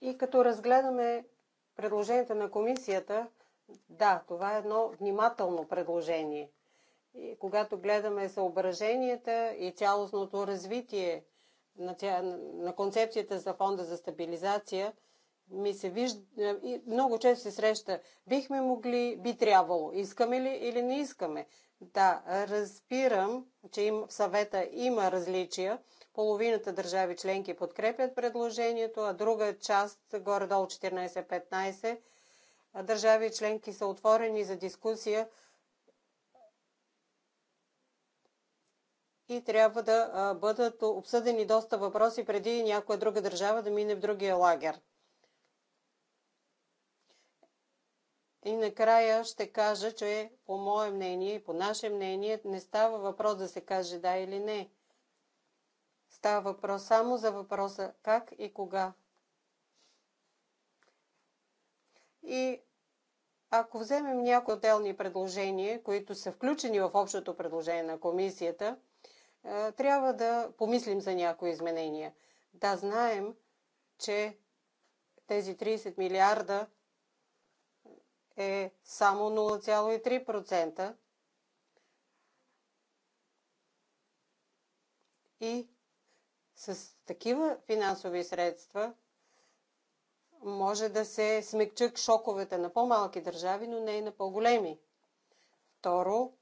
И като разгледаме предложенията на комисията, да, това е едно внимателно предложение. И когато гледаме съображенията и цялостното развитие на, тя, на концепцията за фонда за стабилизация, ми се вижда, и много често се среща, бихме могли, би трябвало, искаме ли или не искаме. Да, разбирам, че им, в съвета има различия. Половината държави членки подкрепят предложението, а друга част, горе-долу 14-15, държави членки са отворени за дискусия и трябва да бъдат обсъдени доста въпроси преди някоя друга държава да мине в другия лагер. И накрая ще кажа, че по мое мнение, и по наше мнение, не става въпрос да се каже да или не. Става въпрос само за въпроса как и кога. И ако вземем някои отделни предложения, които са включени в общото предложение на комисията, е, трябва да помислим за някои изменения. Да знаем, че тези 30 милиарда е само 0,3% и с такива финансови средства може да се смекчат шоковете на по-малки държави, но не и на по-големи. Второ,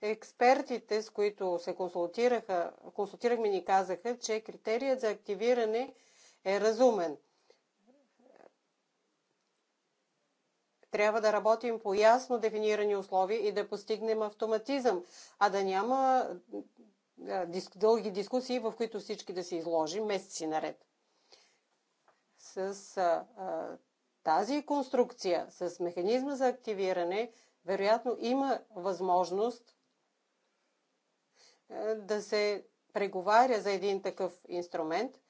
експертите, с които се консултираха, консултирахме, ни казаха, че критерият за активиране е разумен. Трябва да работим по ясно дефинирани условия и да постигнем автоматизъм, а да няма дълги дискусии, в които всички да се изложим месеци наред с а, тази конструкция, с механизма за активиране, вероятно има възможност е, да се преговаря за един такъв инструмент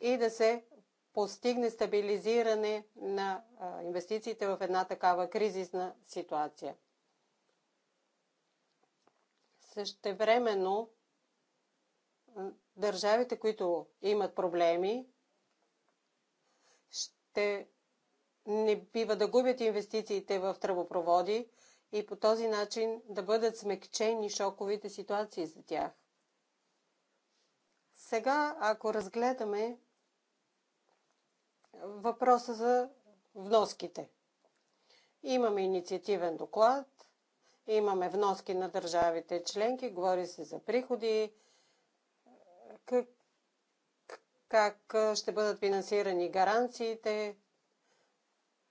и да се постигне стабилизиране на инвестициите в една такава кризисна ситуация. Същевременно, държавите, които имат проблеми, те не бива да губят инвестициите в тръбопроводи и по този начин да бъдат смекчени шоковите ситуации за тях. Сега, ако разгледаме въпроса за вноските. Имаме инициативен доклад, имаме вноски на държавите членки, говори се за приходи, как, как ще бъдат финансирани гаранциите,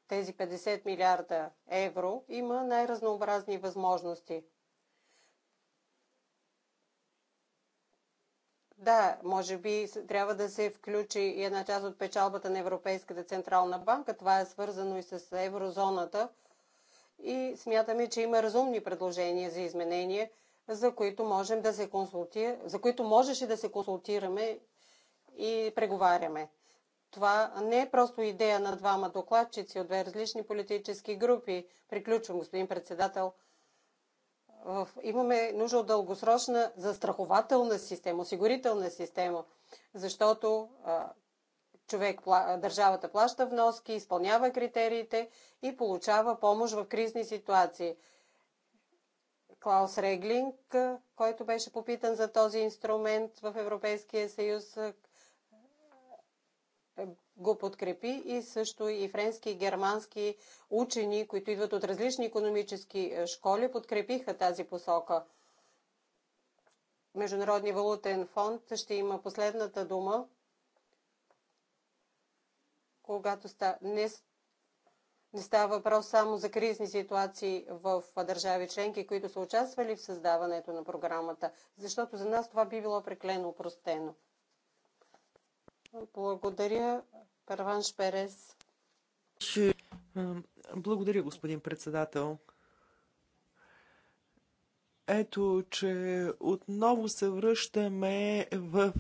тези 50 милиарда евро, има най-разнообразни възможности. Да, може би трябва да се включи и една част от печалбата на Европейската централна банка. Това е свързано и с еврозоната. И смятаме, че има разумни предложения за изменения, за които, можем да се консулти... за които можеше да се консултираме и преговаряме. Това не е просто идея на двама докладчици от две различни политически групи. Приключвам, господин председател. Имаме нужда от дългосрочна застрахователна система, осигурителна система, защото човек, държавата плаща вноски, изпълнява критериите и получава помощ в кризни ситуации. Клаус Реглинг, който беше попитан за този инструмент в Европейския съюз, го подкрепи и също и френски и германски учени, които идват от различни економически е, школи, подкрепиха тази посока. Международния валутен фонд ще има последната дума, когато ста... не... не става въпрос само за кризни ситуации в държави членки, които са участвали в създаването на програмата, защото за нас това би било преклено упростено. Благодаря, Перванш Перес. Благодаря, господин председател. Ето, че отново се връщаме в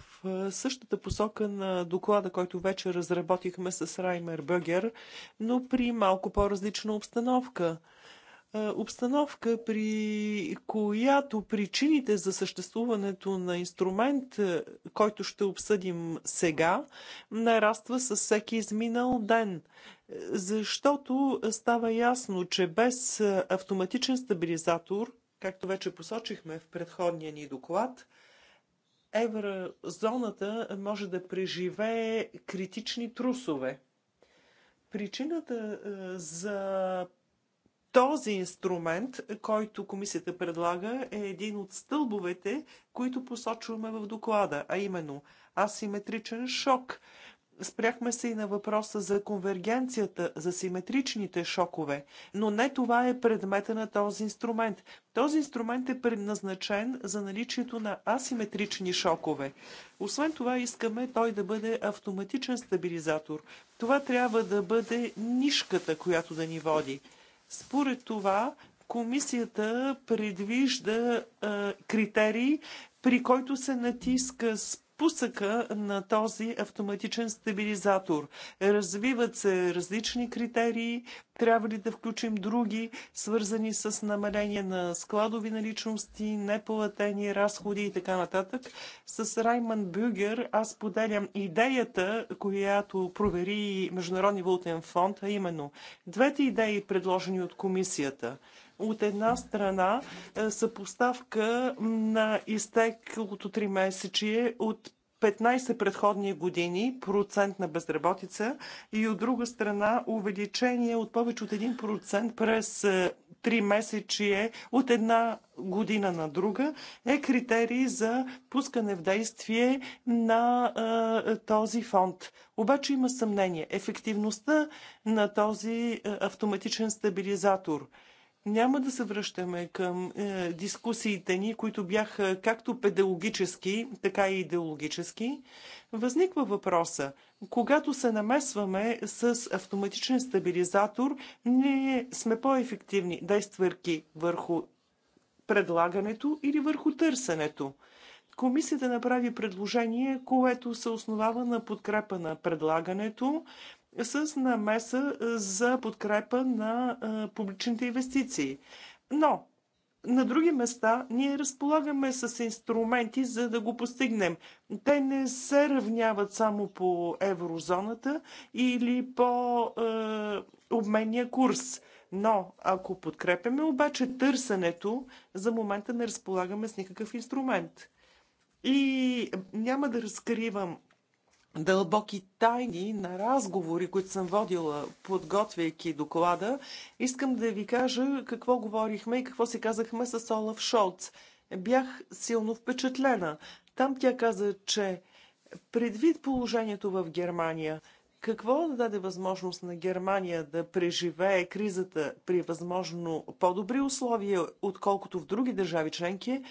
същата посока на доклада, който вече разработихме с Раймер Бъгер, но при малко по-различна обстановка – е, обстановка, при която причините за съществуването на инструмент, е, който ще обсъдим сега, нараства с всеки изминал ден. Е, защото става ясно, че без автоматичен стабилизатор, както вече посочихме в предходния ни доклад, еврозоната може да преживее критични трусове. Причината за този инструмент, който комисията предлага, е един от стълбовете, които посочваме в доклада, а именно асиметричен шок. Спряхме се и на въпроса за конвергенцията, за симетричните шокове, но не това е предмета на този инструмент. Този инструмент е предназначен за наличието на асиметрични шокове. Освен това искаме той да бъде автоматичен стабилизатор. Това трябва да бъде нишката, която да ни води. Според това, комисията предвижда а, критерии, при който се натиска с спусъка на този автоматичен стабилизатор. Развиват се различни критерии, трябва ли да включим други, свързани с намаление на складови наличности, неплатени разходи и така нататък. С Райман Бюгер аз поделям идеята, която провери Международния валутен фонд, а именно двете идеи, предложени от комисията – от една страна е, съпоставка на изтеклото 3 месечие от 15 предходни години процент на безработица и от друга страна увеличение от повече от 1% през 3 е, месечие от една година на друга е критерий за пускане в действие на а, е, този фонд. Обаче има съмнение. Ефективността на този автоматичен стабилизатор – няма да се връщаме към е, дискусиите ни, които бяха както педагогически, така и идеологически. Възниква въпроса, когато се намесваме с автоматичен стабилизатор, ние сме по-ефективни, действайки върху предлагането или върху търсенето. Комисията направи предложение, което се основава на подкрепа на предлагането, с намеса е, за подкрепа на е, публичните инвестиции. Но на други места ние разполагаме с инструменти, за да го постигнем. Те не се равняват само по еврозоната или по е, обменния курс. Но ако подкрепяме обаче търсенето, за момента не разполагаме с никакъв инструмент. И няма да разкривам дълбоки тайни на разговори, които съм водила, подготвяйки доклада, искам да ви кажа какво говорихме и какво си казахме с Олаф Шолц. Бях силно впечатлена. Там тя каза, че предвид положението в Германия, какво да даде възможност на Германия да преживее кризата при възможно по-добри условия, отколкото в други държави членки,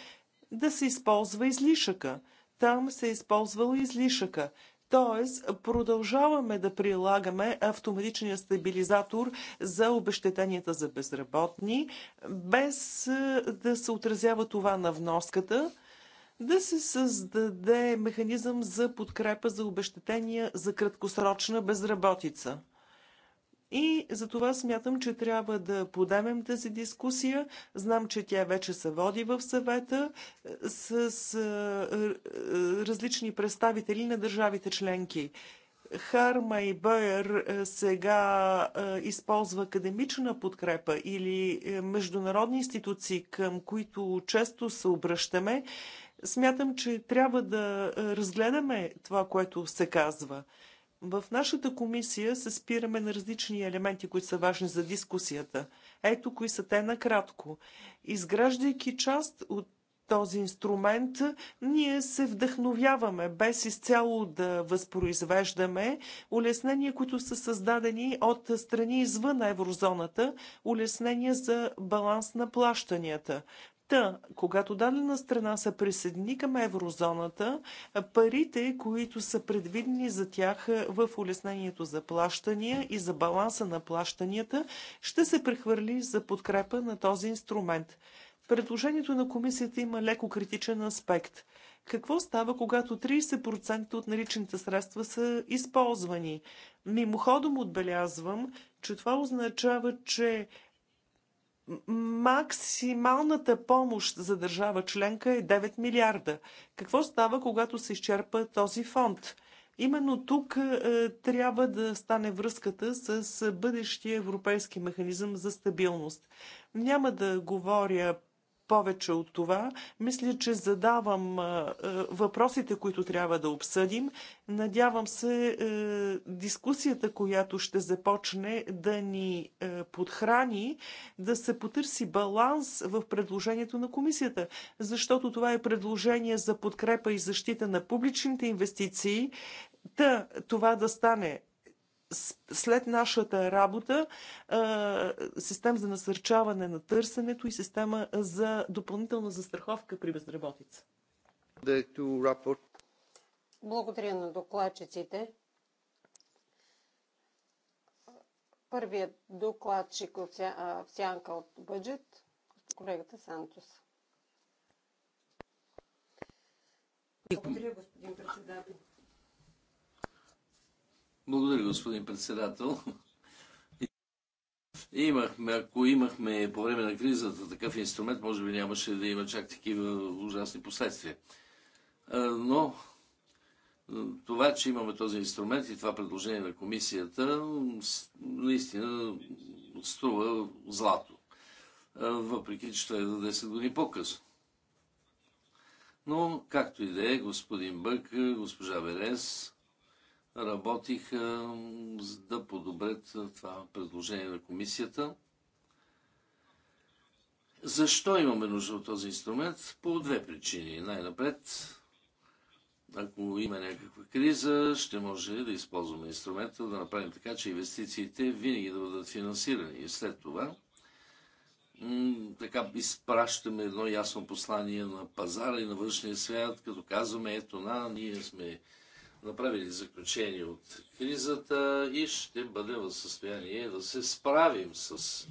да се използва излишъка. Там се е използвала излишъка. Тоест, продължаваме да прилагаме автоматичния стабилизатор за обещетенията за безработни, без е, да се отразява това на вноската да се създаде механизъм за подкрепа за обещетения за краткосрочна безработица. И за това смятам, че трябва да подемем тази дискусия. Знам, че тя вече се води в съвета е, с, с е, е, различни представители на държавите членки. Харма и Бъер сега използва академична подкрепа или международни институции, към които често се обръщаме, смятам, че трябва да разгледаме това, което се казва. В нашата комисия се спираме на различни елементи, които са важни за дискусията. Ето кои са те накратко. Изграждайки част от този инструмент, ние се вдъхновяваме, без изцяло да възпроизвеждаме улеснения, които са създадени от страни извън еврозоната, улеснения за баланс на плащанията. Та, когато дадена страна се присъедини към еврозоната, парите, които са предвидени за тях в улеснението за плащания и за баланса на плащанията, ще се прехвърли за подкрепа на този инструмент. Предложението на комисията има леко критичен аспект. Какво става, когато 30% от наличните средства са използвани? Мимоходом отбелязвам, че това означава, че Максималната помощ за държава членка е 9 милиарда. Какво става, когато се изчерпа този фонд? Именно тук е, трябва да стане връзката с бъдещия европейски механизъм за стабилност. Няма да говоря повече от това. Мисля, че задавам въпросите, които трябва да обсъдим. Надявам се е, дискусията, която ще започне да ни е, подхрани, да се потърси баланс в предложението на комисията, защото това е предложение за подкрепа и защита на публичните инвестиции, Та, това да стане след нашата работа система за насърчаване на търсенето и система за допълнителна застраховка при безработица. Благодаря на докладчиците. Първият докладчик от сянка от бюджет колегата Сантос. Благодаря, господин председател. Благодаря, господин председател. Имахме, ако имахме по време на кризата такъв инструмент, може би нямаше да има чак такива ужасни последствия. Но това, че имаме този инструмент и това предложение на комисията, наистина струва злато. Въпреки, че това е за 10 години по-късно. Но, както и да е, господин Бък, госпожа Берес, работиха за да подобрят това предложение на комисията. Защо имаме нужда от този инструмент? По две причини. Най-напред, ако има някаква криза, ще може да използваме инструмента, да направим така, че инвестициите винаги да бъдат финансирани. И след това, така изпращаме едно ясно послание на пазара и на външния свят, като казваме, ето на, ние сме направили заключение от кризата и ще бъдем в състояние да се справим с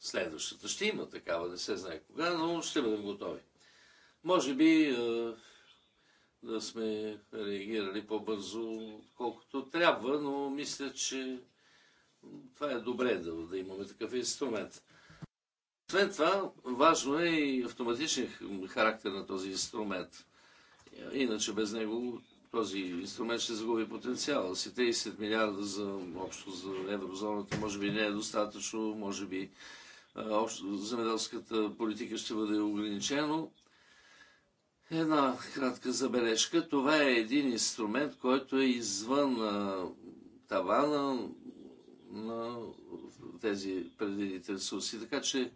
следващата. Ще има такава, не се знае кога, но ще бъдем готови. Може би е, да сме реагирали по-бързо, колкото трябва, но мисля, че това е добре да, да имаме такъв инструмент. Освен това, важно е и автоматичен характер на този инструмент. Иначе без него този инструмент ще загуби потенциала си. 30 милиарда за, общо за еврозоната може би не е достатъчно, може би общо, земеделската политика ще бъде ограничено. Една кратка забележка. Това е един инструмент, който е извън а, тавана на тези предвидените ресурси. Така че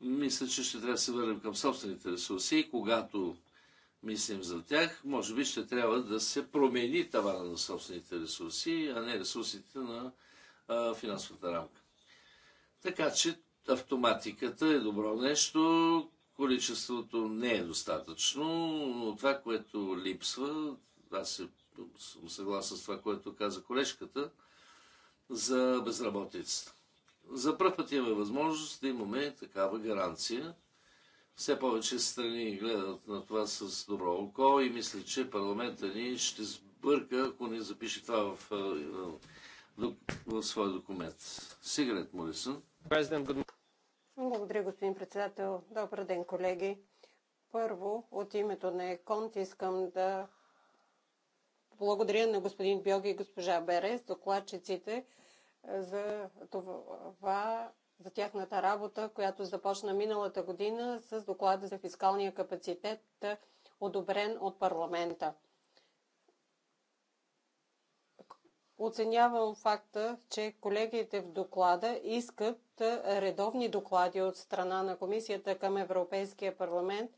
мисля, че ще трябва да се върнем към собствените ресурси и когато мислим за тях, може би ще трябва да се промени тавана на собствените ресурси, а не ресурсите на а, финансовата рамка. Така че автоматиката е добро нещо, количеството не е достатъчно, но това, което липсва, аз се, съм съгласен с това, което каза колежката, за безработицата. За първ път имаме възможност да имаме такава гаранция, все повече страни гледат на това с добро око и мисля, че парламента ни ще сбърка, ако не запише това в, в, в, в своя документ. Сигарет Морисън. Благодаря, господин председател. Добър ден, колеги. Първо, от името на ЕКОНТ искам да благодаря на господин Бьоги и госпожа Берес, докладчиците, за това, за тяхната работа, която започна миналата година с доклада за фискалния капацитет, одобрен от парламента. Оценявам факта, че колегите в доклада искат редовни доклади от страна на Комисията към Европейския парламент.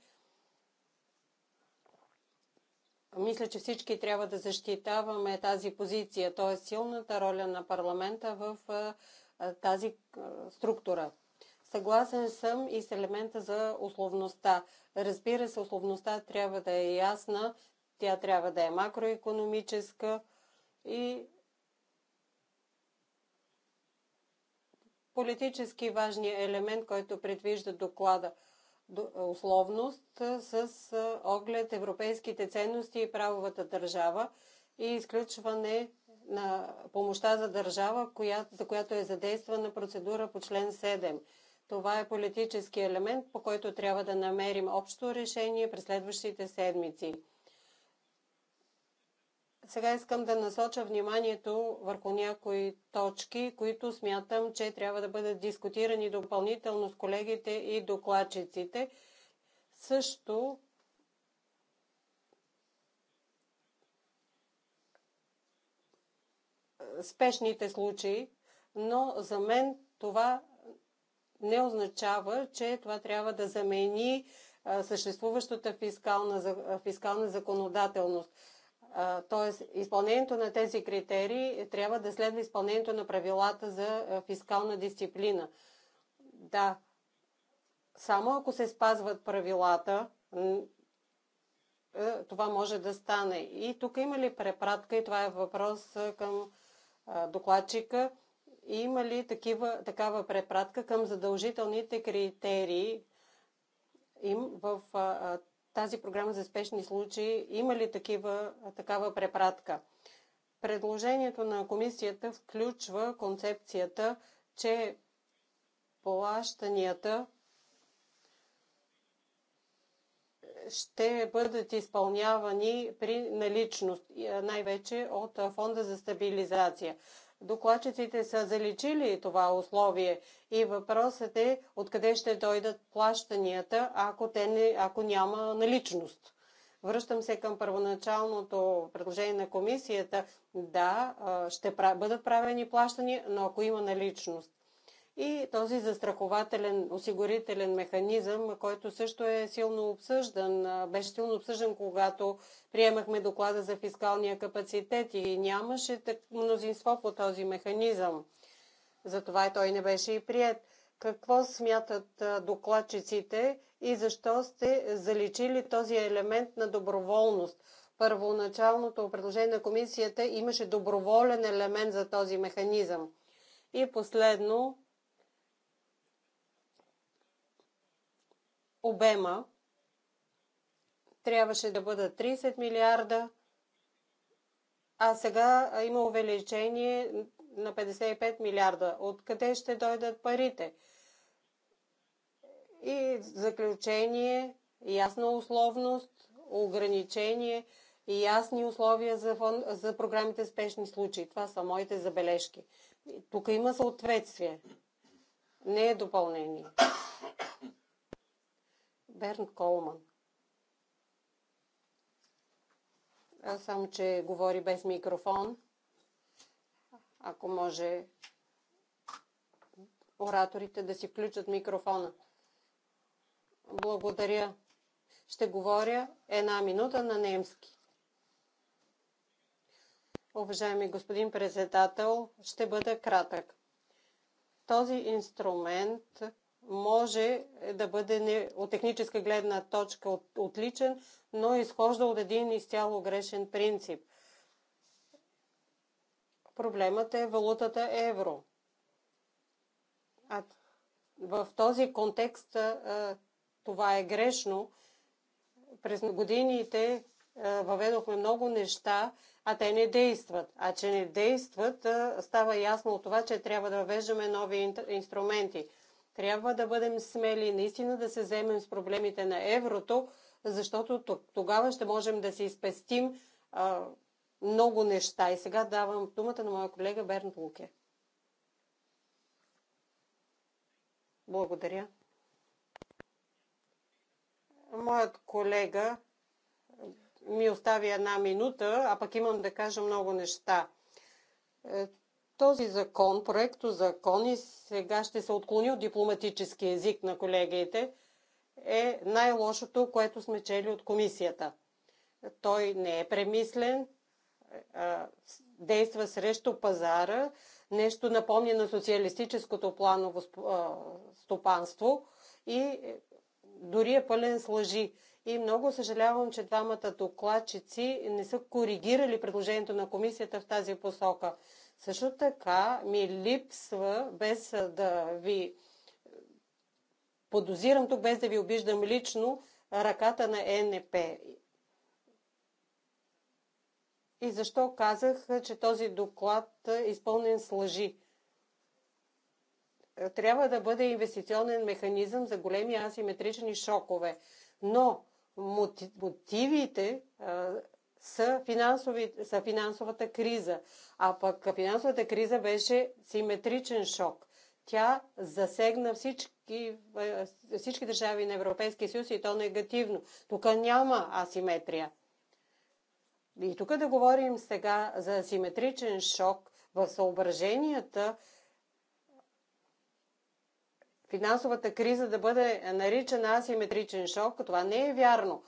Мисля, че всички трябва да защитаваме тази позиция, т.е. силната роля на парламента в тази структура. Съгласен съм и с елемента за условността. Разбира се, условността трябва да е ясна, тя трябва да е макроекономическа и политически важния елемент, който предвижда доклада условност с оглед европейските ценности и правовата държава и изключване на помощта за държава, която, за която е задействана процедура по член 7. Това е политически елемент, по който трябва да намерим общо решение през следващите седмици. Сега искам да насоча вниманието върху някои точки, които смятам, че трябва да бъдат дискутирани допълнително с колегите и докладчиците. Също спешните случаи, но за мен това не означава, че това трябва да замени съществуващата фискална, фискална законодателност. Тоест, изпълнението на тези критерии трябва да следва изпълнението на правилата за фискална дисциплина. Да, само ако се спазват правилата, това може да стане. И тук има ли препратка, и това е въпрос към докладчика, има ли такива, такава препратка към задължителните критерии им в тази програма за спешни случаи? Има ли такива, такава препратка? Предложението на комисията включва концепцията, че плащанията ще бъдат изпълнявани при наличност, най-вече от Фонда за стабилизация. Докладчиците са заличили това условие и въпросът е откъде ще дойдат плащанията, ако, те не, ако няма наличност. Връщам се към първоначалното предложение на комисията. Да, ще бъдат правени плащания, но ако има наличност и този застрахователен осигурителен механизъм, който също е силно обсъждан, беше силно обсъждан, когато приемахме доклада за фискалния капацитет и нямаше мнозинство по този механизъм. Затова и той не беше и прият. Какво смятат докладчиците и защо сте заличили този елемент на доброволност? Първоначалното предложение на комисията имаше доброволен елемент за този механизъм. И последно, обема трябваше да бъдат 30 милиарда, а сега има увеличение на 55 милиарда. Откъде ще дойдат парите? И заключение, ясна условност, ограничение и ясни условия за, фон, за програмите спешни случаи. Това са моите забележки. Тук има съответствие, не е допълнение. Берн Колман. Само, че говори без микрофон. Ако може ораторите да си включат микрофона. Благодаря. Ще говоря една минута на немски. Уважаеми господин председател, ще бъда кратък. Този инструмент може да бъде не, от техническа гледна точка от, отличен, но изхожда от един изцяло грешен принцип. Проблемът е валутата евро. А в този контекст а, това е грешно. През годините а, въведохме много неща, а те не действат. А че не действат, а, става ясно от това, че трябва да въвеждаме нови инструменти – трябва да бъдем смели наистина да се вземем с проблемите на еврото, защото тогава ще можем да се изпестим а, много неща. И сега давам думата на моя колега Бернт Луке. Благодаря. Моят колега ми остави една минута, а пък имам да кажа много неща. Е, този закон, проекто закон и сега ще се отклони от дипломатически език на колегите, е най-лошото, което сме чели от комисията. Той не е премислен, действа срещу пазара, нещо напомня на социалистическото планово стопанство и е, дори е пълен с лъжи. И много съжалявам, че двамата докладчици не са коригирали предложението на комисията в тази посока. Също така ми липсва, без да ви подозирам тук, без да ви обиждам лично, ръката на ЕНП. И защо казах, че този доклад е изпълнен с лъжи? Трябва да бъде инвестиционен механизъм за големи асиметрични шокове. Но мотивите са, са финансовата криза. А пък финансовата криза беше симетричен шок. Тя засегна всички, е, всички държави на Европейския съюз и то негативно. Тук няма асиметрия. И тук да говорим сега за симетричен шок в съображенията, финансовата криза да бъде наричана асиметричен шок, това не е вярно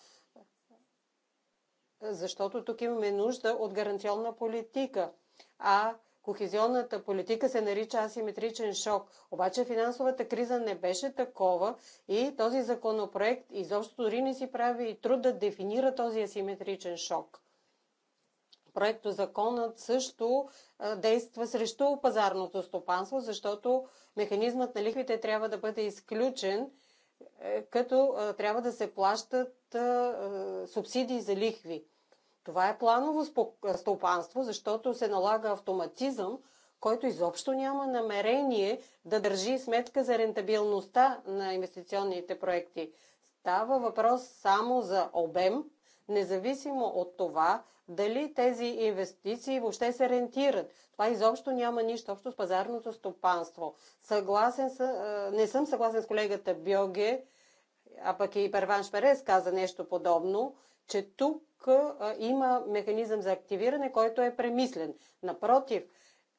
защото тук имаме нужда от гаранционна политика. А Кохезионната политика се нарича асиметричен шок. Обаче финансовата криза не беше такова и този законопроект изобщо дори не си прави и труд да дефинира този асиметричен шок. Проекто законът също действа срещу пазарното стопанство, защото механизмът на лихвите трябва да бъде изключен, е, като трябва да се плащат субсидии за лихви. Това е планово стопанство, защото се налага автоматизъм, който изобщо няма намерение да държи сметка за рентабилността на инвестиционните проекти. Става въпрос само за обем, независимо от това дали тези инвестиции въобще се рентират. Това изобщо няма нищо общо с пазарното стопанство. Съгласен с, не съм съгласен с колегата Бьоге, а пък и Перванш Перес каза нещо подобно, че тук има механизъм за активиране, който е премислен. Напротив,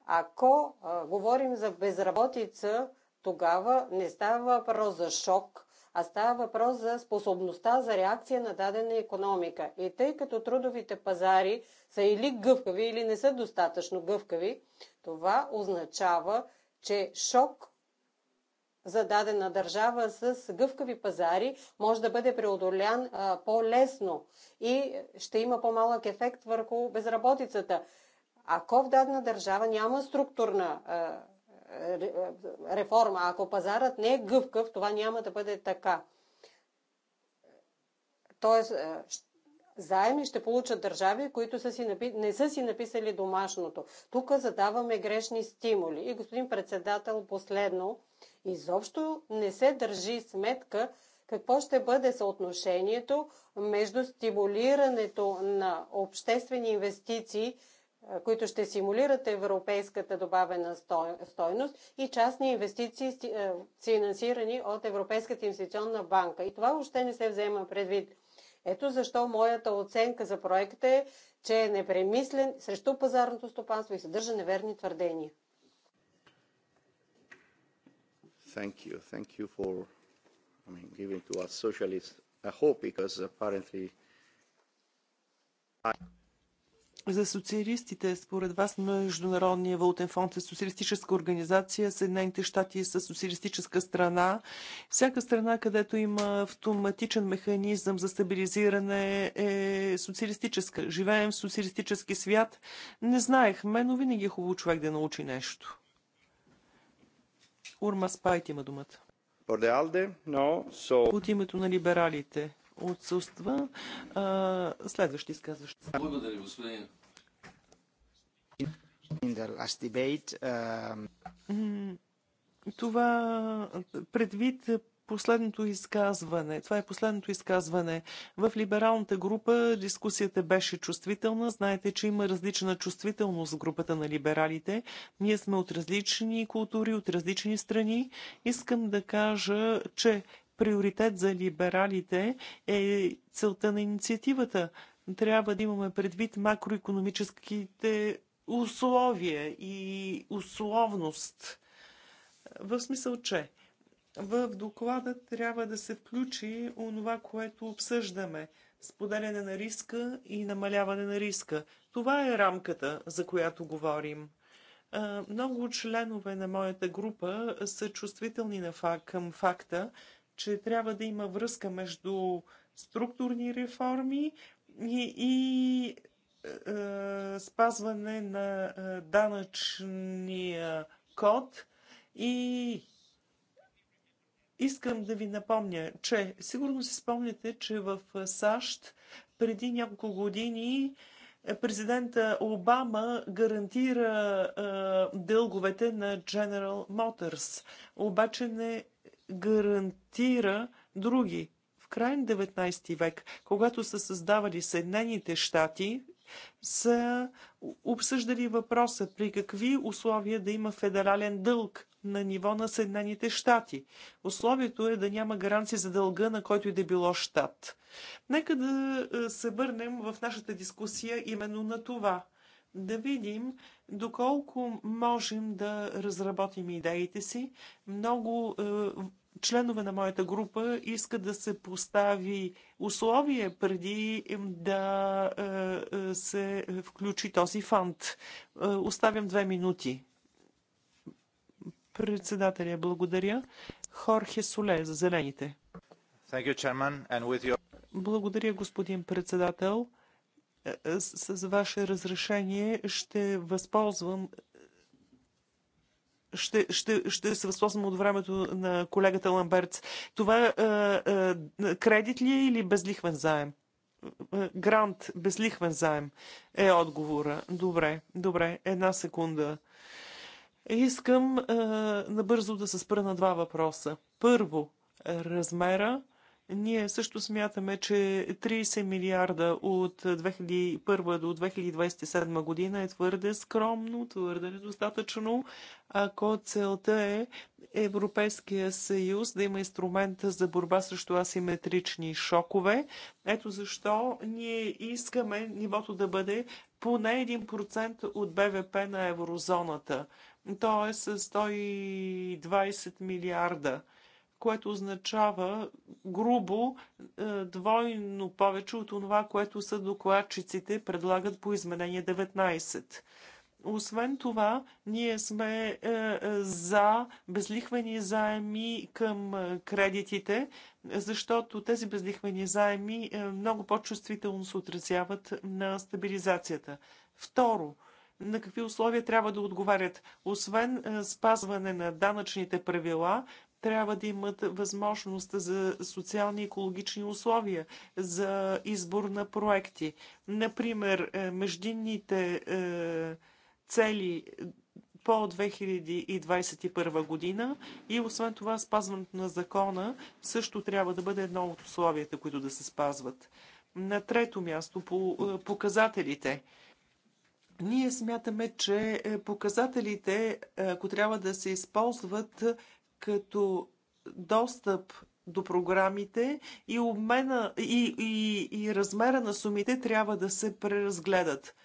ако говорим за безработица, тогава не става въпрос за шок, а става въпрос за способността за реакция на дадена економика. И тъй като трудовите пазари са или гъвкави, или не са достатъчно гъвкави, това означава, че шок за дадена държава с гъвкави пазари може да бъде преодолян по-лесно и ще има по-малък ефект върху безработицата. Ако в дадена държава няма структурна а, реформа, ако пазарът не е гъвкав, това няма да бъде така. Тоест, заеми ще получат държави, които са си напи... не са си написали домашното. Тук задаваме грешни стимули. И господин председател, последно, изобщо не се държи сметка какво ще бъде съотношението между стимулирането на обществени инвестиции, които ще симулират европейската добавена стойност и частни инвестиции, финансирани от Европейската инвестиционна банка. И това въобще не се взема предвид. Ето защо моята оценка за проекта е, че е непремислен срещу пазарното стопанство и съдържа неверни твърдения. Thank you. Thank you for I mean, giving to us socialists a hope because apparently I... За социалистите, според вас, Международния валутен фонд е социалистическа организация, Съединените щати са социалистическа страна. Всяка страна, където има автоматичен механизъм за стабилизиране е социалистическа. Живеем в социалистически свят. Не знаехме, но винаги е хубаво човек да научи нещо. Урма Спайт има думата. но, со... От името на либералите отсъства. А, следващи изказващи. Благодаря, господин. Debate, uh... Това предвид последното изказване. Това е последното изказване. В либералната група дискусията беше чувствителна. Знаете, че има различна чувствителност в групата на либералите. Ние сме от различни култури, от различни страни. Искам да кажа, че приоритет за либералите е целта на инициативата. Трябва да имаме предвид макроекономическите условия и условност. В смисъл, че в доклада трябва да се включи онова, което обсъждаме споделяне на риска и намаляване на риска. Това е рамката, за която говорим. Много членове на моята група са чувствителни на факт, към факта, че трябва да има връзка между структурни реформи и, и е, спазване на данъчния код и Искам да ви напомня, че сигурно си спомняте, че в САЩ преди няколко години президента Обама гарантира е, дълговете на General Motors, обаче не гарантира други. В край на 19 век, когато са създавали Съединените щати, са обсъждали въпроса при какви условия да има федерален дълг на ниво на Съединените щати. Условието е да няма гаранции за дълга на който и да било щат. Нека да е, се върнем в нашата дискусия именно на това. Да видим доколко можем да разработим идеите си. Много е, членове на моята група искат да се постави условие преди да е, се включи този фанд. Оставям две минути. Председателя, благодаря. Хорхе Соле за зелените. Благодаря, господин председател. Е, е, с, с ваше разрешение ще възползвам ще, ще, ще се възползвам от времето на колегата Ламберц. Това е, е, е кредит ли е или безлихвен заем? Грант, безлихвен заем е отговора. Добре, добре, една секунда. Искам е, набързо да се спра на два въпроса. Първо, размера. Ние също смятаме, че 30 милиарда от 2001 до 2027 година е твърде скромно, твърде недостатъчно, ако целта е Европейския съюз да има инструмента за борба срещу асиметрични шокове. Ето защо ние искаме нивото да бъде поне 1% от БВП на еврозоната. То е с 120 милиарда, което означава грубо е, двойно повече от това, което са докладчиците предлагат по изменение 19. Освен това, ние сме е, е, за безлихвени заеми към кредитите, защото тези безлихвени заеми много по-чувствително се отразяват на стабилизацията. Второ, на какви условия трябва да отговарят. Освен е, спазване на данъчните правила, трябва да имат възможност за социални и екологични условия, за избор на проекти. Например, е, междинните е, цели по 2021 година и освен това спазването на закона също трябва да бъде едно от условията, които да се спазват. На трето място по показателите. Ние смятаме, че е, показателите, е, ако трябва да се използват като достъп до програмите и обмена и, и, и размера на сумите трябва да се преразгледат.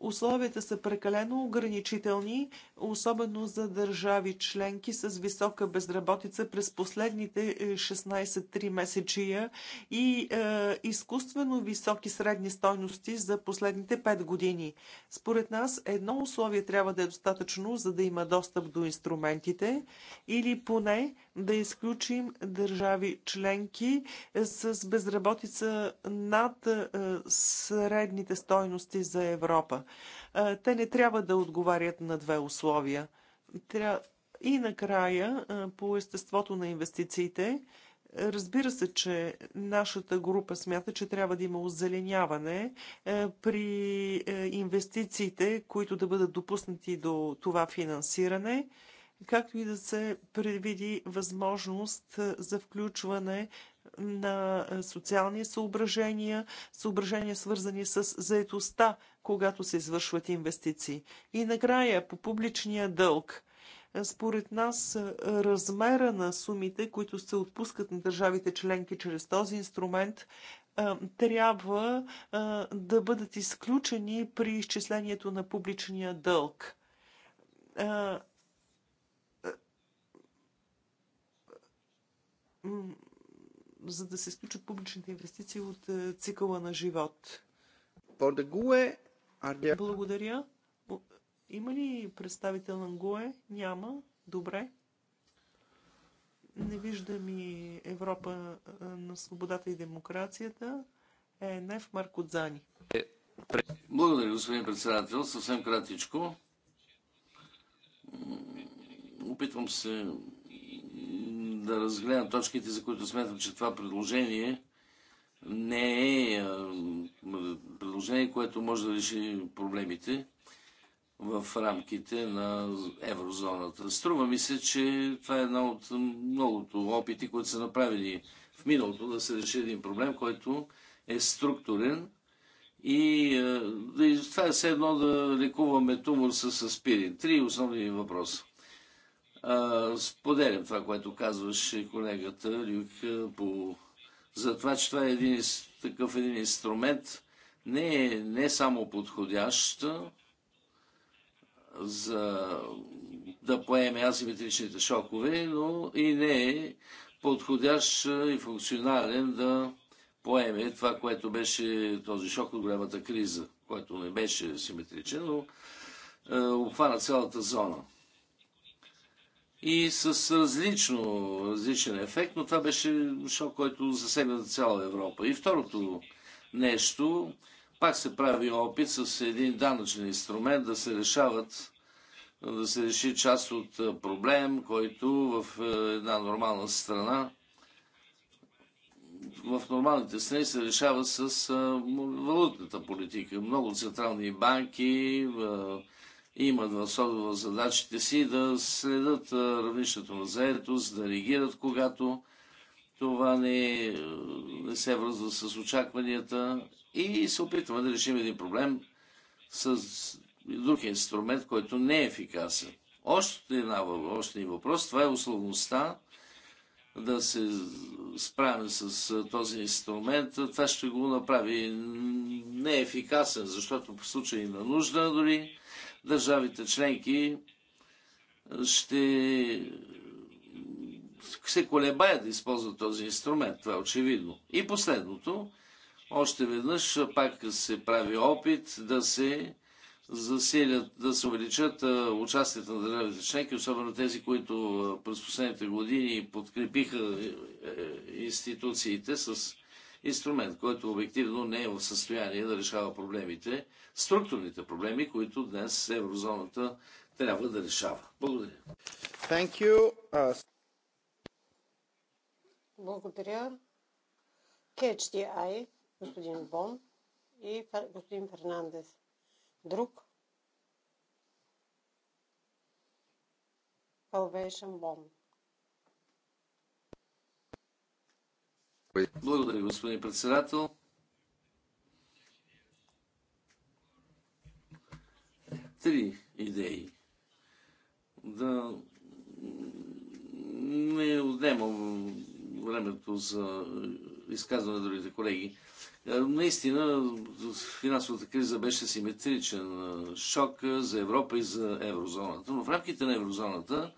Условията са прекалено ограничителни, особено за държави членки с висока безработица през последните 16-3 е, месечия и е, изкуствено високи средни стойности за последните 5 години. Според нас едно условие трябва да е достатъчно, за да има достъп до инструментите или поне да изключим държави членки е, с безработица над е, средните стойности за Европа. Те не трябва да отговарят на две условия. И накрая, по естеството на инвестициите, Разбира се, че нашата група смята, че трябва да има озеленяване при инвестициите, които да бъдат допуснати до това финансиране, както и да се предвиди възможност за включване на е, социални съображения, съображения свързани с заетостта, когато се извършват инвестиции. И накрая по публичния дълг. Е, според нас е, размера на сумите, които се отпускат на държавите членки чрез този инструмент, трябва да бъдат изключени при изчислението на публичния дълг за да се изключат публичните инвестиции от е, цикъла на живот. E, Благодаря. Има ли представител на ГУЕ? E? Няма. Добре. Не виждам и Европа е, на свободата и демокрацията. Е, Нев Маркодзани. Благодаря, господин председател. Съвсем кратичко. Опитвам се да разгледам точките, за които смятам, че това предложение не е предложение, което може да реши проблемите в рамките на еврозоната. Струва ми се, че това е една от многото опити, които са направени в миналото да се реши един проблем, който е структурен и, и това е все едно да лекуваме тумор с аспирин. Три основни въпроса. А, споделям това, което казваше колегата Люк по... за това, че това е един, такъв един инструмент, не е не е само подходящ за да поеме асиметричните шокове, но и не е подходящ и функционален да поеме това, което беше този шок от голямата криза, който не беше симетричен, но е, обхвана цялата зона и с различно, различен ефект, но това беше шок, който засегна цяла Европа. И второто нещо, пак се прави опит с един данъчен инструмент да се решават да се реши част от проблем, който в една нормална страна в нормалните страни се решава с валутната политика. Много централни банки, имат в особено задачите си да следят равнището на заедост, да реагират когато това не, не се връзва с очакванията и се опитваме да решим един проблем с друг инструмент, който не е ефикасен. Още, една, още един въпрос, това е условността да се справим с този инструмент. Това ще го направи неефикасен, защото по случай на нужда дори държавите членки ще се колебаят да използват този инструмент. Това е очевидно. И последното, още веднъж пак се прави опит да се засилят, да се увеличат участията на държавите членки, особено тези, които през последните години подкрепиха е, е, институциите с инструмент, който обективно не е в състояние да решава проблемите, структурните проблеми, които днес еврозоната трябва да решава. Благодаря. Thank you. Uh... Благодаря. KHDI, господин Бон и господин Фернандес. Друг? Калвейшен Бон. Благодаря, господин председател. Три идеи. Да не отнемам времето за изказване на другите колеги. Е, наистина, финансовата криза беше симетричен е, шок за Европа и за еврозоната. Но в рамките на еврозоната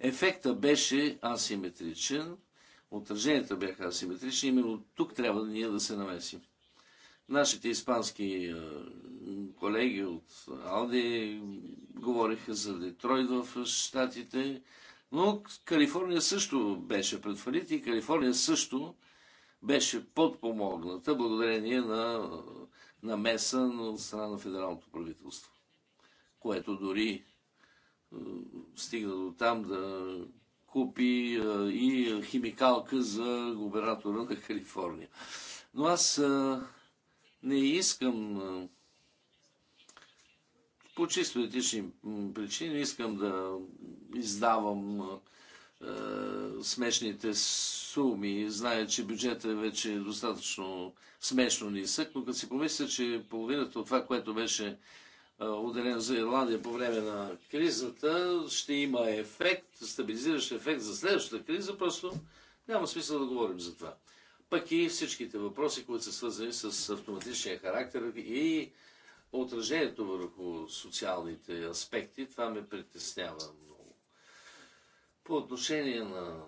ефекта беше асиметричен – отраженията бяха асиметрични, именно тук трябва да ние да се намесим. Нашите испански колеги от Алди говориха за Детройт в Штатите, но Калифорния също беше пред фалит и Калифорния също беше подпомогната благодарение на намеса от страна на федералното правителство, което дори стигна до там да купи и химикалка за губернатора на Калифорния. Но аз не искам по чисто етични причини искам да издавам е, смешните суми. Зная, че бюджетът е вече е достатъчно смешно нисък, но като си помисля, че половината от това, което беше е, отделен за Ирландия по време на кризата, ще има ефект, стабилизиращ ефект за следващата криза, просто няма смисъл да говорим за това. Пък и всичките въпроси, които са свързани с автоматичния характер и отражението върху социалните аспекти, това ме притеснява много. По отношение на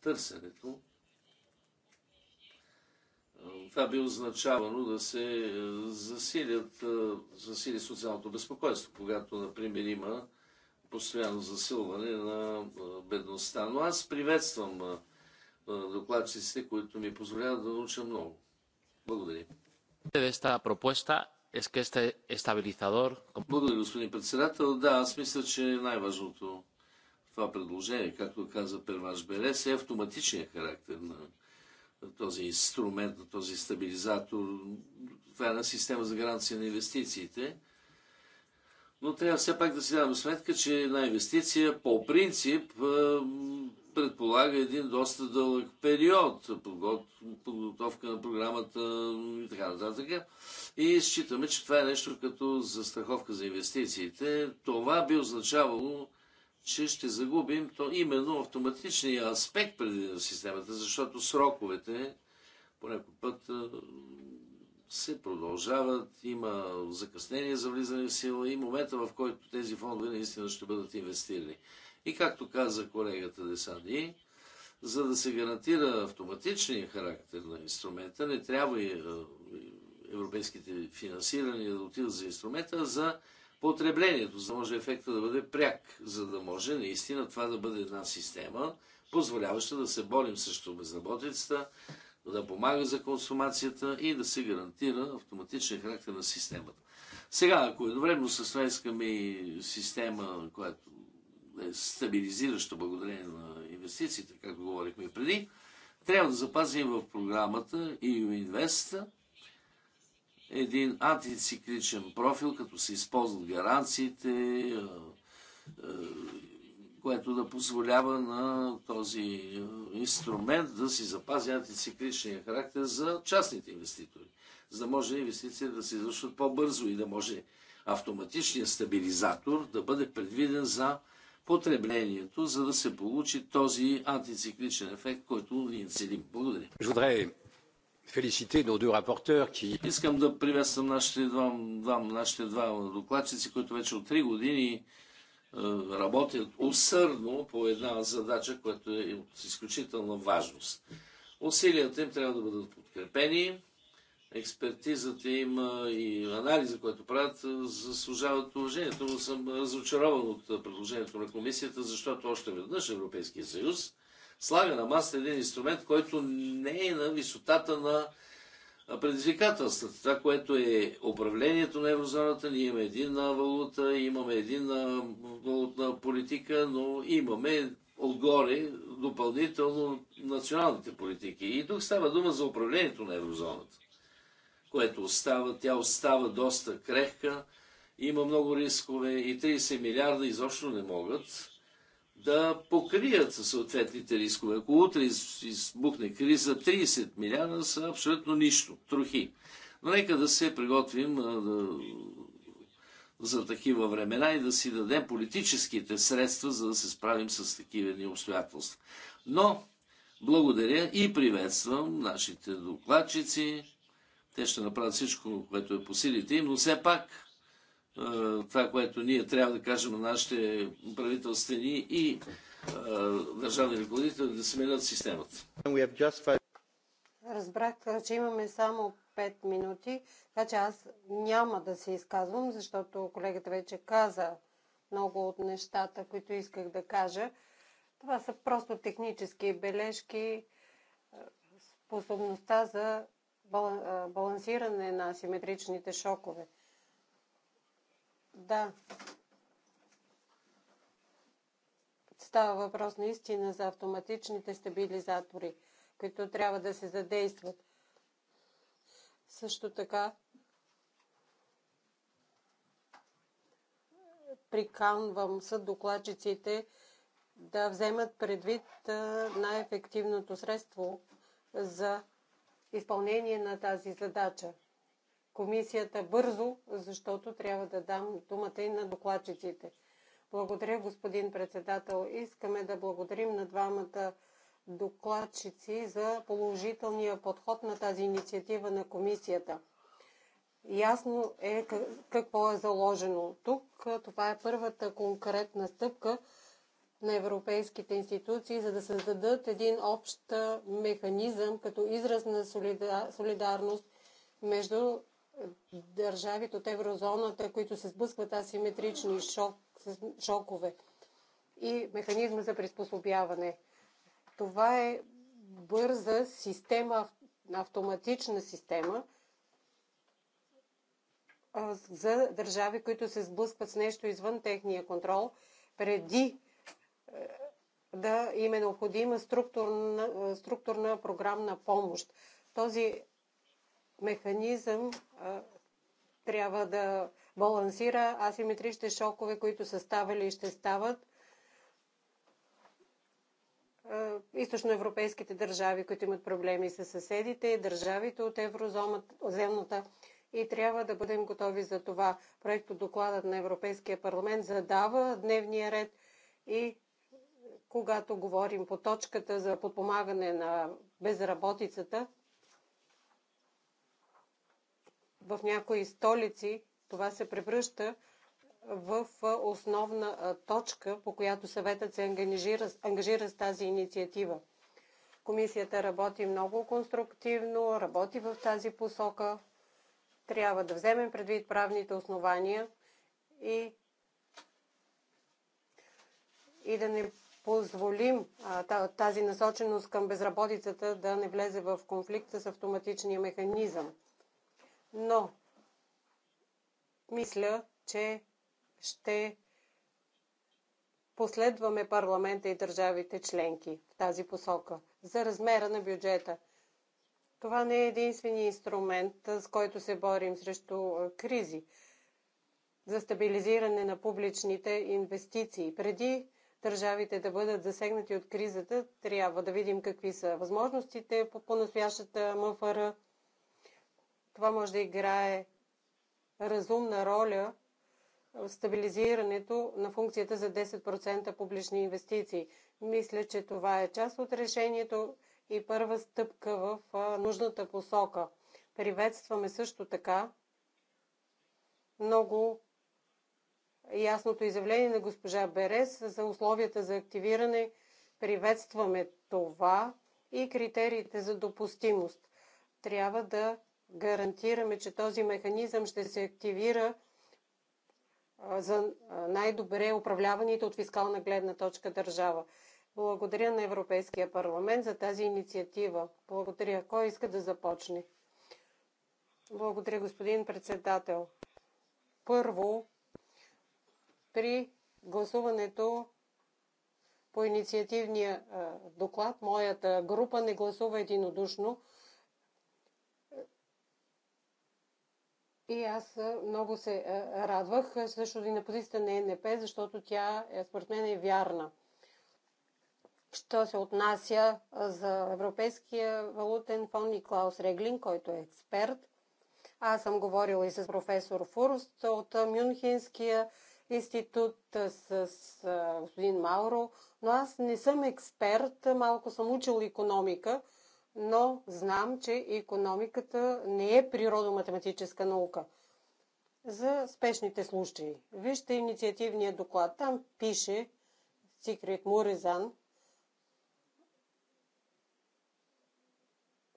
търсенето, това би означавано да се е, засилят, е, засили социалното безпокойство, когато, например, има постоянно засилване на е, бедността. Но аз приветствам докладчиците, които ми позволяват да науча много. Благодаря. Благодаря, господин председател. Да, аз мисля, че най-важното това предложение, както каза Перваш Белес, е автоматичният характер на този инструмент, на този стабилизатор. Това е една система за гаранция на инвестициите. Но трябва все пак да си даваме сметка, че една инвестиция по принцип предполага един доста дълъг период, подготовка на програмата и така нататък. И считаме, че това е нещо като застраховка за инвестициите. Това би означавало че ще загубим то именно автоматичния аспект преди на системата, защото сроковете по някой път се продължават, има закъснение за влизане в сила и момента, в който тези фондове наистина ще бъдат инвестирани. И както каза колегата Десади, за да се гарантира автоматичния характер на инструмента, не трябва и европейските финансирания да отидат за инструмента, а за потреблението, за да може ефекта да бъде пряк, за да може наистина това да бъде една система, позволяваща да се борим срещу безработицата, да помага за консумацията и да се гарантира автоматичен характер на системата. Сега, ако едновременно с това искаме и система, която е стабилизираща благодарение на инвестициите, както говорихме преди, трябва да запазим в програмата и инвеста един антицикличен профил, като се използват гаранциите, което да позволява на този инструмент да си запази антицикличния характер за частните инвеститори, за да може инвестиции да се извършват по-бързо и да може автоматичният стабилизатор да бъде предвиден за потреблението, за да се получи този антицикличен ефект, който ние целим. Благодаря féliciter nos deux rapporteurs qui... Искам да приветствам нашите два, два, нашите два докладчици, които вече от 3 години е, работят усърдно по една задача, която е от изключителна важност. Усилията им трябва да бъдат подкрепени, експертизата им и анализа, който правят, е, заслужават уважението, но съм разочарован от предложението на комисията, защото още веднъж Европейския съюз слага на масата един инструмент, който не е на висотата на предизвикателствата. Това, което е управлението на еврозоната, ние имаме един валута, имаме един валутна политика, но имаме отгоре допълнително националните политики. И тук става дума за управлението на еврозоната, което остава, тя остава доста крехка, има много рискове и 30 милиарда изобщо не могат да покрият съответните рискове. Ако утре избухне криза, 30 милиарда са абсолютно нищо, трохи. Но нека да се приготвим да, за такива времена и да си дадем политическите средства, за да се справим с такива ни обстоятелства. Но благодаря и приветствам нашите докладчици. Те ще направят всичко, което е по силите им, но все пак това, което ние трябва да кажем на нашите правителствени и държавни ръководители да сменят системата. Разбрах, че имаме само 5 минути, така че аз няма да се изказвам, защото колегата вече каза много от нещата, които исках да кажа. Това са просто технически бележки, способността за балансиране на асиметричните шокове. Да. Става въпрос наистина за автоматичните стабилизатори, които трябва да се задействат. Също така приканвам докладчиците да вземат предвид най-ефективното средство за изпълнение на тази задача – комисията бързо, защото трябва да дам думата и на докладчиците. Благодаря, господин председател. Искаме да благодарим на двамата докладчици за положителния подход на тази инициатива на комисията. Ясно е какво е заложено тук. Това е първата конкретна стъпка на европейските институции, за да създадат един общ механизъм като израз на солидарност между държавите от еврозоната, които се сблъскват асиметрични шок, шокове и механизма за приспособяване. Това е бърза система, автоматична система за държави, които се сблъскват с нещо извън техния контрол, преди е, да им е необходима структурна, структурна програмна помощ. Този механизъм а, трябва да балансира асиметричните шокове, които са ставали и ще стават. Източноевропейските държави, които имат проблеми с съседите, държавите от еврозоната и трябва да бъдем готови за това. Проекто докладът на Европейския парламент задава дневния ред и когато говорим по точката за подпомагане на безработицата, в някои столици това се превръща в основна точка, по която съветът се ангажира, ангажира с тази инициатива. Комисията работи много конструктивно, работи в тази посока. Трябва да вземем предвид правните основания и, и да не позволим а, тази насоченост към безработицата да не влезе в конфликта с автоматичния механизъм но мисля, че ще последваме парламента и държавите членки в тази посока за размера на бюджета. Това не е единствения инструмент, с който се борим срещу кризи за стабилизиране на публичните инвестиции. Преди държавите да бъдат засегнати от кризата, трябва да видим какви са възможностите по настоящата МФР това може да играе разумна роля в стабилизирането на функцията за 10% публични инвестиции. Мисля, че това е част от решението и първа стъпка в нужната посока. Приветстваме също така много ясното изявление на госпожа Берес за условията за активиране. Приветстваме това и критериите за допустимост. Трябва да гарантираме, че този механизъм ще се активира за най-добре управляваните от фискална гледна точка държава. Благодаря на Европейския парламент за тази инициатива. Благодаря. Кой иска да започне? Благодаря, господин председател. Първо, при гласуването по инициативния доклад, моята група не гласува единодушно, И аз много се радвах също и на позицията на ЕНП, защото тя е, според мен е вярна. Що се отнася за Европейския валутен фонд и Клаус Реглин, който е експерт. Аз съм говорила и с професор Фурст от Мюнхенския институт, с господин Мауро, но аз не съм експерт, малко съм учил економика – но знам, че економиката не е природоматематическа наука. За спешните случаи. Вижте инициативния доклад. Там пише Сикрет Муризан.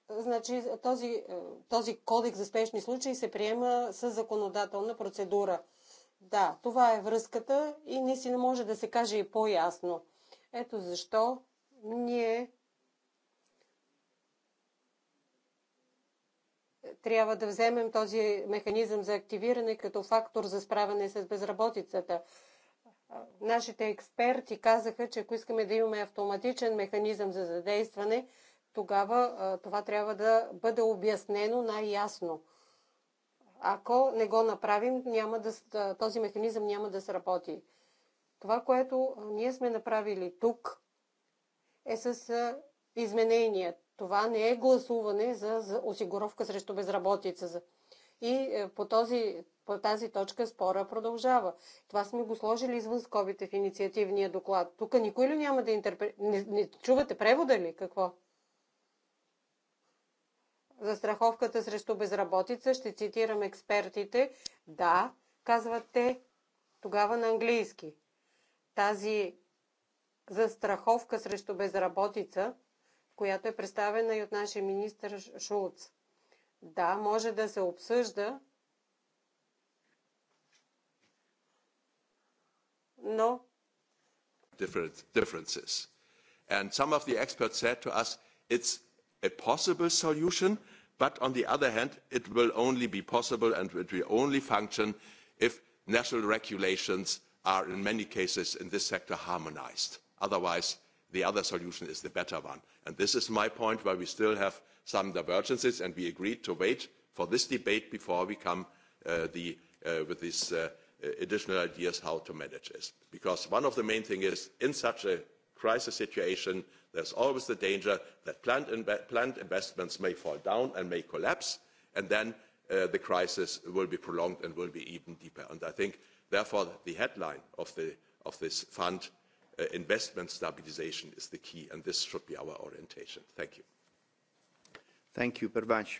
Значи, този, е, този кодекс за спешни случаи се приема с законодателна процедура. Да, това е връзката и не може да се каже и по-ясно. Ето защо ние трябва да вземем този механизъм за активиране като фактор за справяне с безработицата. Нашите експерти казаха, че ако искаме да имаме автоматичен механизъм за задействане, тогава това трябва да бъде обяснено най-ясно. Ако не го направим, няма да, този механизъм няма да сработи. Това, което ние сме направили тук, е с изменения. Това не е гласуване за, за осигуровка срещу безработица. И е, по, този, по тази точка спора продължава. Това сме го сложили извън скобите в инициативния доклад. Тук никой ли няма да интерпретира? Не, не чувате превода ли? Какво? За страховката срещу безработица ще цитирам експертите. Да, казват те тогава на английски. Тази застраховка срещу безработица – която е представена и от нашия министр Шулц. Да, може да се обсъжда, но. differences. And some of the experts said to us, it's a possible solution, but on the other hand, it will only be possible and it will only function if national regulations are in many cases in this sector harmonized. Otherwise, the other solution is the better one. And this is my point where we still have some divergences and we agreed to wait for this debate before we come uh, the, uh, with these uh, additional ideas how to manage this. Because one of the main things is in such a crisis situation, there's always the danger that planned, planned investments may fall down and may collapse, and then uh, the crisis will be prolonged and will be even deeper. And I think, therefore, the headline of, the, of this fund investment stabilization is the key, and this should be our orientation. Thank you. Thank you, Pervanche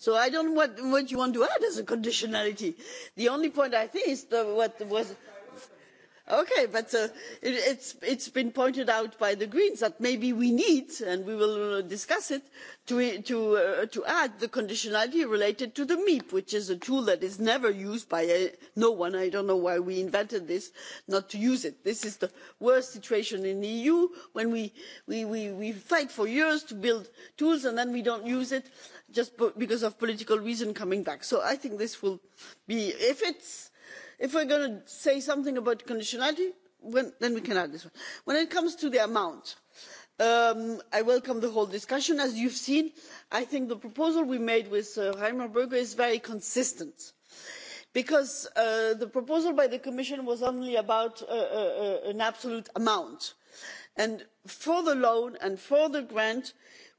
so i don't know what you want to add as a conditionality. the only point i think is what was okay but it it's been pointed out by the greens that maybe we need and we will discuss it to add the conditionality related to the meep which is a tool that is never used by no one i don't know why we invented this not to use it. this is the worst situation in the eu when we fight for years to build tools and then we don't use it just because of political reasons coming back. so i think this will be if it's if we're going to say something about conditionality when, then we can add this one. when it comes to the amount um, i welcome the whole discussion. as you've seen i think the proposal we made with uh, reimer bge is very consistent because uh, the proposal by the commission was only about uh, uh, an absolute amount and for the loan and for the grant